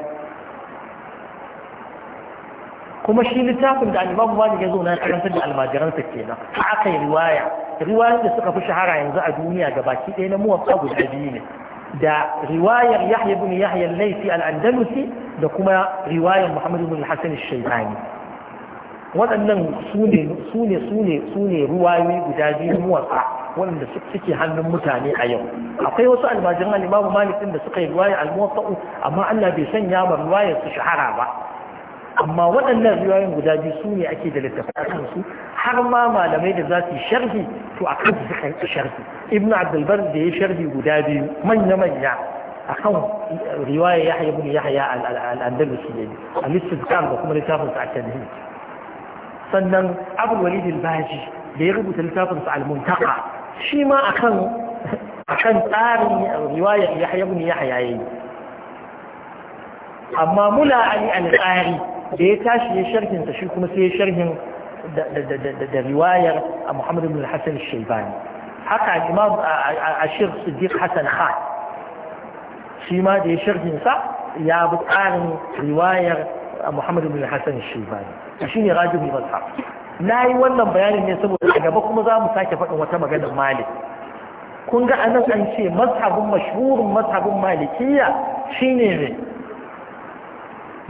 kuma shi littafin da al-imam malik ya zo na karantar da almajiransa kenan haka riwaya riwayar da suka fi shahara yanzu a duniya ga baki ɗaya na muwaffa guda biyu ne da riwayar Yahya bin Yahya laifi laythi da kuma riwayar Muhammad hasan al-Shaybani waɗannan sune sune ruwayoyi guda biyu muwaffa waɗanda suke hannun mutane a yau akwai wasu almajiran al malikin da suka yi riwayar al amma Allah bai sanya ma riwayar su shahara ba amma waɗannan riwayoyin guda biyu su ne ake da littafi a kansu har ma malamai da za su yi sharhi to a kan su kan sharhi ibnu abdulbar da ya sharhi guda biyu manya manya a kan riwaya yahya ibn yahya al-andalusi ne al-istizkar da kuma littafin sa a tanhid sannan abul walid al-baji da ya rubuta littafin sa al-muntaqa shi ma akan akan tsarin riwayar yahya ibn yahya yayi amma mula ali al-qari da ya tashi ya sharhin ta shi kuma sai ya sharhin da riwayar a Muhammadu ibn Hassan Shaibani haka Imam Ashir Siddiq Hassan Khan shi ma da ya sharhin sa ya bi tsarin riwayar a Muhammadu ibn Hassan Shaibani shi ne Rajib ibn na yi wannan bayanin ne saboda a gaba kuma za mu sake faɗin wata maganar Malik kun ga anan an ce mazhabin mashhurin mazhabin malikiya shine ne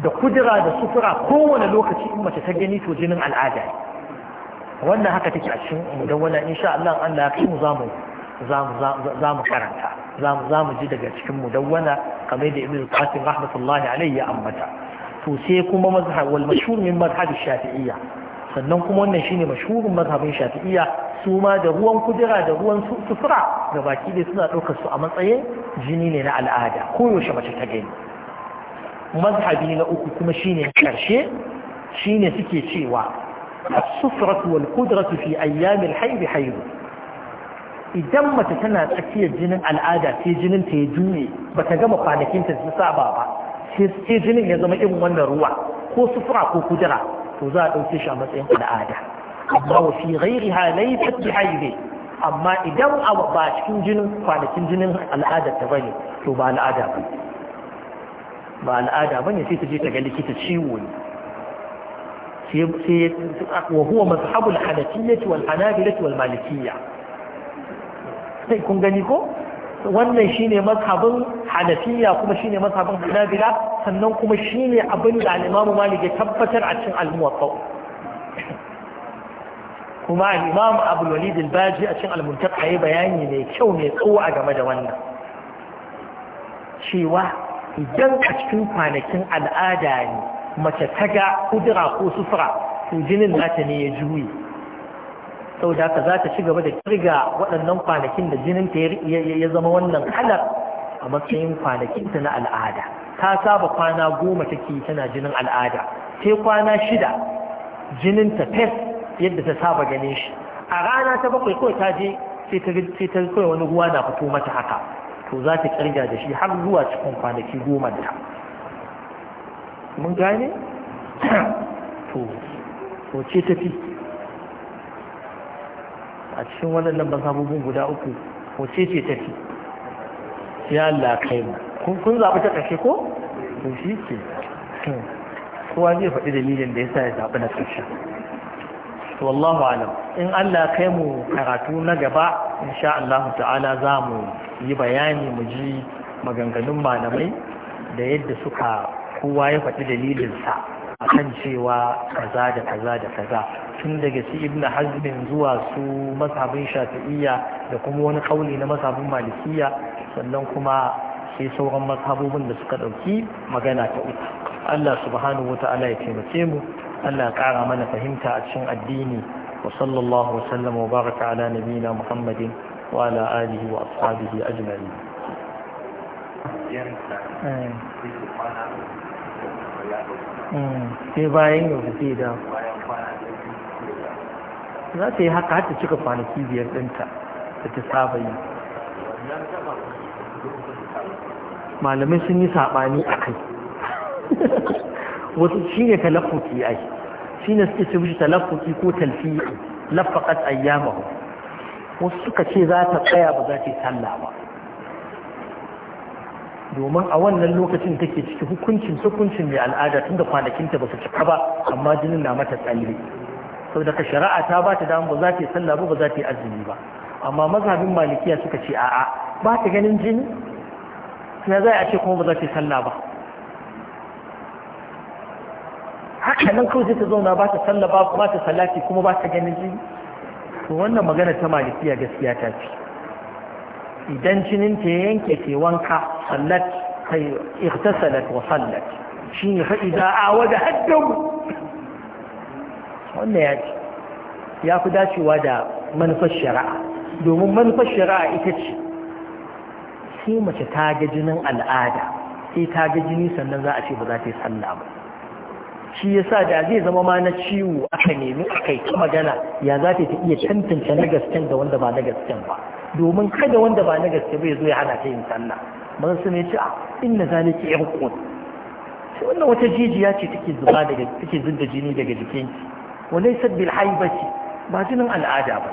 da kudura da sutura kowane lokaci in mace ta gani to jinin al'ada wannan haka take a cikin mudawwana insha Allah Allah ya mu zamu zamu karanta zamu zamu ji daga cikin mudawwana kamar da Ibn Qasim rahmatullahi alayhi ya ambata to sai kuma mazhab wal mashhur min mazhab Shafi'iyya sannan kuma wannan shine mashhurin mazhabin Shafi'iyya su ma da ruwan kudura da ruwan sutura da baki dai suna ɗaukar su a matsayin jini ne na al'ada koyaushe mace ta gani mazhabi na uku kuma shine karshe shine suke cewa as-sufratu wal qudratu fi ayyam al-hayd hayd idan mace tana tsakiyar jinin al'ada sai jinin ta ya june bata gama kwanakin ta su saba ba sai jinin ya zama irin wannan ruwa ko sufra ko kudura to za a ɗauke shi a matsayin al'ada amma wa fi ghairiha laysat bi hayd amma idan ba cikin jinin kwanakin jinin al'ada ta bane to ba al'ada ba ba al'ada ba ne sai ta je ta ga likita ciwo ne wa huwa mazhabul hanafiyyati wal hanabilati wal malikiyya sai kun gani ko wannan shine mazhabin hanafiya kuma shine mazhabin hanabila sannan kuma shine abin da al-imam malik ya tabbatar a cikin al-muwatta kuma al-imam abu walid al-baji a cikin al-muntaqa yayi bayani ne kyau mai tsawo a game da wannan cewa idan a cikin kwanakin al'ada ne mace ta ga kudura ko sufura to jinin nata ne ya juye da haka za ta ci gaba da kirga waɗannan kwanakin da jinin ta ya zama wannan halar a matsayin kwanakin ta na al'ada ta saba kwana goma take tana jinin al'ada sai kwana shida jinin ta fes yadda ta saba ganin shi a rana ta bakwai kawai ta je sai ta kawai wani ruwa na fito mata haka to za ta kirga da shi har zuwa cikin kwanaki goma ta mun gane [CLEARS THROAT] to to ce tafi a cikin wannan lambar mazhabobin guda uku ko ce ce tafi ya Allah kai mu kun kun zaɓi ta kashe ko to shi ke [CLEARS THROAT] kowa zai faɗi dalilin da ya sa ya zaɓi na kashe to wallahu alam in Allah kai mu karatu na gaba insha Allah ta'ala za mu yi bayani mu ji maganganun malamai da yadda suka kowa ya faɗi dalilinsa a kan cewa kaza da kaza da kaza tun daga si ibn hazmin zuwa su mazhabin shafi'iyya da kuma wani kauli na mazhabin malikiya sannan kuma sai sauran mazhabobin da suka ɗauki magana ta uku Allah subhanahu wa ta'ala ya taimake mu Allah ya ƙara mana fahimta a cikin addini وصلى الله وسلم وبارك على نبينا محمد وعلى آله وأصحابه أجمعين في باين وفي دا لا تي حق حتى تشكر فانا كيبي أنت تتسابي ما لم يسني سابعني أخي وتشيني تلقوا في shine suke ce mishi talaffuki ko talfiyi laffaqat ayyamahu wasu suka ce za ta tsaya ba za ta sallah ba domin a wannan lokacin take ciki hukuncin hukuncin mai al'ada tun da kwanakinta ba su cika ba amma jinin na mata tsalle sau daga shari'a ta ba ta damu ba za ta sallah ba ba za ta yi azumi ba amma mazhabin malikiya suka ce a'a ba ta ganin jini na za a ce kuma ba za ta yi sallah ba haka nan kawai sai ta zauna ba ta sallah ba ta salati kuma ba ta ganin jini to wannan magana ta malikiya gaskiya ta ce idan jinin ta yanke ke wanka sallat kai ihtasalat wa sallat shine fa idza awada haddam wannan ya ce ya fi dacewa da manufar shari'a domin manufar shari'a ita ce sai mace ta ga jinin al'ada sai ta ga jini sannan za a ce ba za ta yi sallah ba shi yasa da zai zama ma na ciwo aka nemi aka yi magana ya za ta iya tantance na gasken da wanda ba na gasken ba domin kada wanda ba na gaske bai zo ya hana ta yin sallah mun sun ce a ah, inna zalika irqun sai wannan wata jijiya ce take zuba daga take zubda jini daga jikinki walaysa bil haibati ba jinin al'ada ba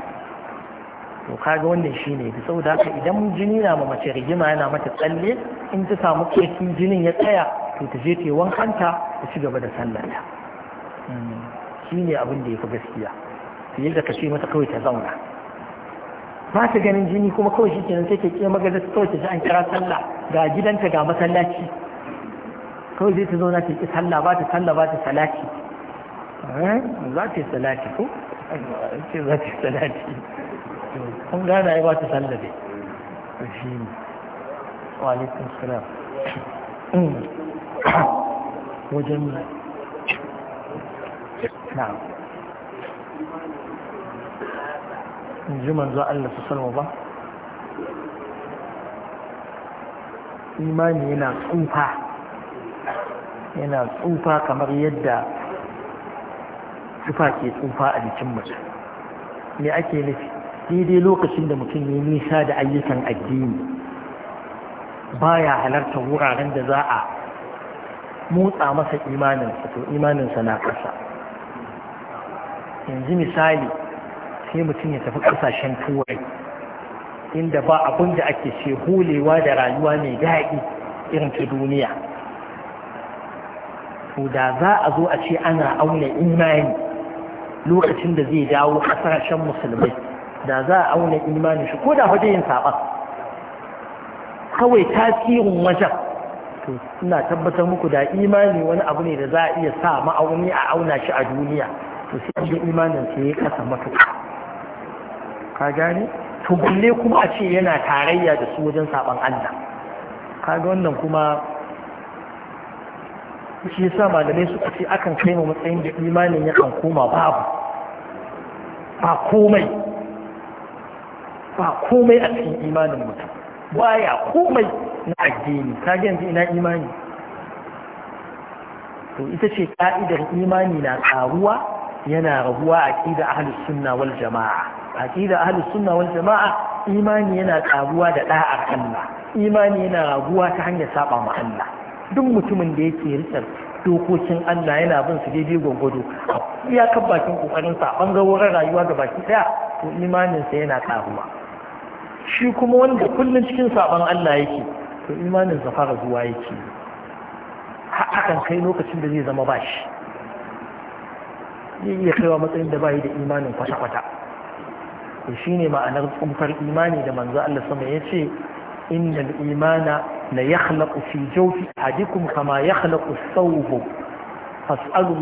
to kaga wannan shine da saboda haka idan jini na ma mace rigima yana mata tsalle in ta samu kekin jinin ya tsaya to ta je ta wankanta ta ci gaba da ta mm. shine abin da ya fi gaskiya fiye da ka ce mata kawai ta zauna ba ta ganin jini kuma kawai shi kenan take ke kiyar magana ta kawai ta ji an kira sallah ga gidanta ga masallaci kawai zai ta zauna ta ki sallah ba ta sallah ba ta salati eh? za ta yi salati ko za ta yi salati kun gana ya ba ta sallabe shi ne wa alaikun salam [COUGHS] wajen na ji manzo Allah su salma ba imani yana tsufa yana tsufa kamar yadda tsufa ke tsufa a jikin mutum me ake nufi daidai lokacin da mutum ya nisa da ayyukan addini baya halarta wuraren da za a motsa masa imaninsa to imaninsa na ƙasa yanzu misali sai mutum ya tafi ƙasashen turai inda ba abin da ake ce hulewa da rayuwa mai daɗi irin ta duniya to da za a zo a ce ana auna imani lokacin da zai dawo ƙasashen musulmai da za a auna imanin shi ko da wajen yin saba kawai tasirin wajen to ina tabbatar muku da imani wani abu ne da za a iya sa ma'auni a auna shi a duniya to sai ga imanin sai ya kasa matuƙa ka gane to balle kuma a ce yana tarayya da su wajen saɓan Allah Ka ga wannan kuma shi yasa malamai suka ce akan kai mu matsayin da imanin ya kan koma babu ba komai ba komai a cikin imanin mutum baya komai na addini ka yanzu ina imani to ita ce ka'idar imani na karuwa yana rabuwa a ƙida ahalus sunna wal jama'a a ƙida ahalus sunna wal jama'a imani yana karuwa da ɗa'ar Allah imani yana raguwa ta hanyar saba ma Allah duk mutumin da yake rikar dokokin Allah yana bin su daidai gwagwado ya kan bakin kokarin sa bangarorin rayuwa ga baki daya to imaninsa yana karuwa shi kuma wanda kullum cikin saban Allah yake to imanin sa fara zuwa yake hakan kai lokacin da zai zama bashi zai iya kaiwa matsayin da bayi da imanin kwata-kwata to shine ma'anar tsumfar imani da manzo Allah sama ce innal imana la yakhlaqu fi jawfi ahadikum kama yakhlaqu as-sawb fas'alu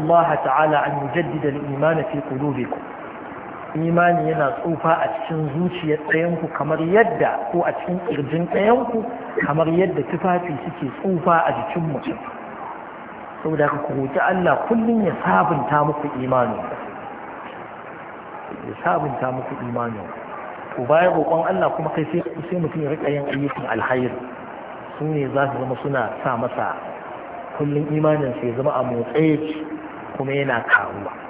ta'ala an yujaddida al-imana fi qulubikum imani yana tsufa a cikin zuciyar ɗayanku kamar yadda ko a cikin ƙirjin ɗayanku kamar yadda tufafi suke tsufa a jikin mutum saboda ka roƙi Allah kullum ya sabunta muku imani ya sabunta muku imani to bayan roƙon Allah kuma kai sai mutum ya riƙa yin ayyukan alhairi su ne za su zama suna sa masa kullum imanin sai zama a motsa yake kuma yana karuwa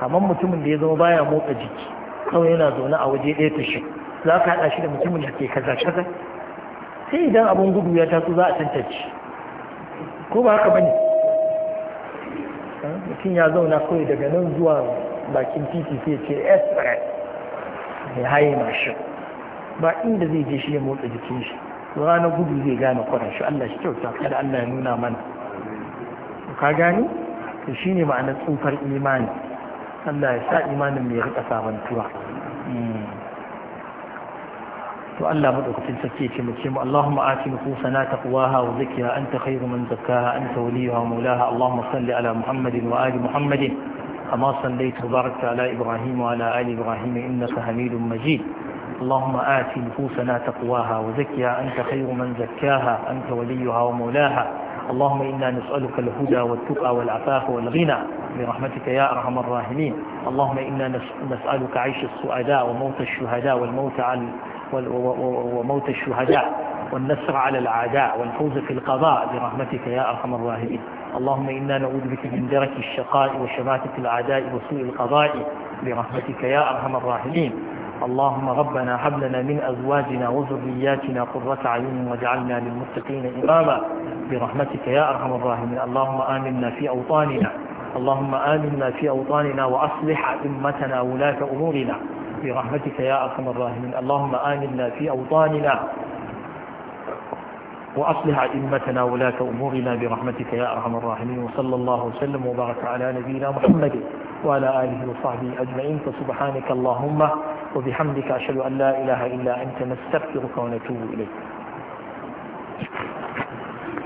kamar mutumin da ya zama baya motsa jiki kawai yana zaune a waje ɗaya ta shi za ka haɗa shi da mutumin da ke kaza kaza sai idan abin gudu ya taso za a tantance ko ba haka bane eh, mutum ya zauna kawai daga nan zuwa bakin titi sai ce esra ya haye mashin ba inda zai je shi ya motsa jikin shi ranar gudu zai gane kwanan shi Allah shi kyauta kada Allah ya nuna mana ka gani to shine ma'anar tsufar imani Allah ya sa imanin mai rika sabantuwa hmm. to Allah madaukakin sarki ce mu ce mu Allahumma ati nufusana taqwaha wa zakkiha anta khayru man zakkaha anta waliyuha wa mawlaha Allahumma salli ala Muhammadin wa ali Muhammadin kama sallaita wa barakta ala Ibrahim wa ala ali Ibrahim innaka Hamidum Majid اللهم آت نفوسنا تقواها وزكها أنت خير من زكاها أنت وليها ومولاها اللهم إنا نسألك الهدى والتقى والعفاف والغنى برحمتك يا أرحم الراحمين اللهم إنا نسألك عيش السعداء وموت الشهداء والموت على وموت الشهداء والنصر على العداء والفوز في القضاء برحمتك يا أرحم الراحمين اللهم إنا نعوذ بك من درك الشقاء وشماتة الأعداء وسوء القضاء برحمتك يا أرحم الراحمين اللهم ربنا هب لنا من أزواجنا وذرياتنا قرة أعين واجعلنا للمتقين إماما برحمتك يا أرحم الراحمين اللهم آمنا في أوطاننا اللهم آمنا في أوطاننا وأصلح أمتنا ولاة أمورنا برحمتك يا أرحم الراحمين اللهم آمنا في أوطاننا وأصلح أئمتنا ولاة أمورنا برحمتك يا أرحم الراحمين وصلى الله وسلم وبارك على نبينا محمد وعلى آله وصحبه أجمعين فسبحانك اللهم وبحمدك أشهد أن لا إله إلا أنت نستغفرك ونتوب إليك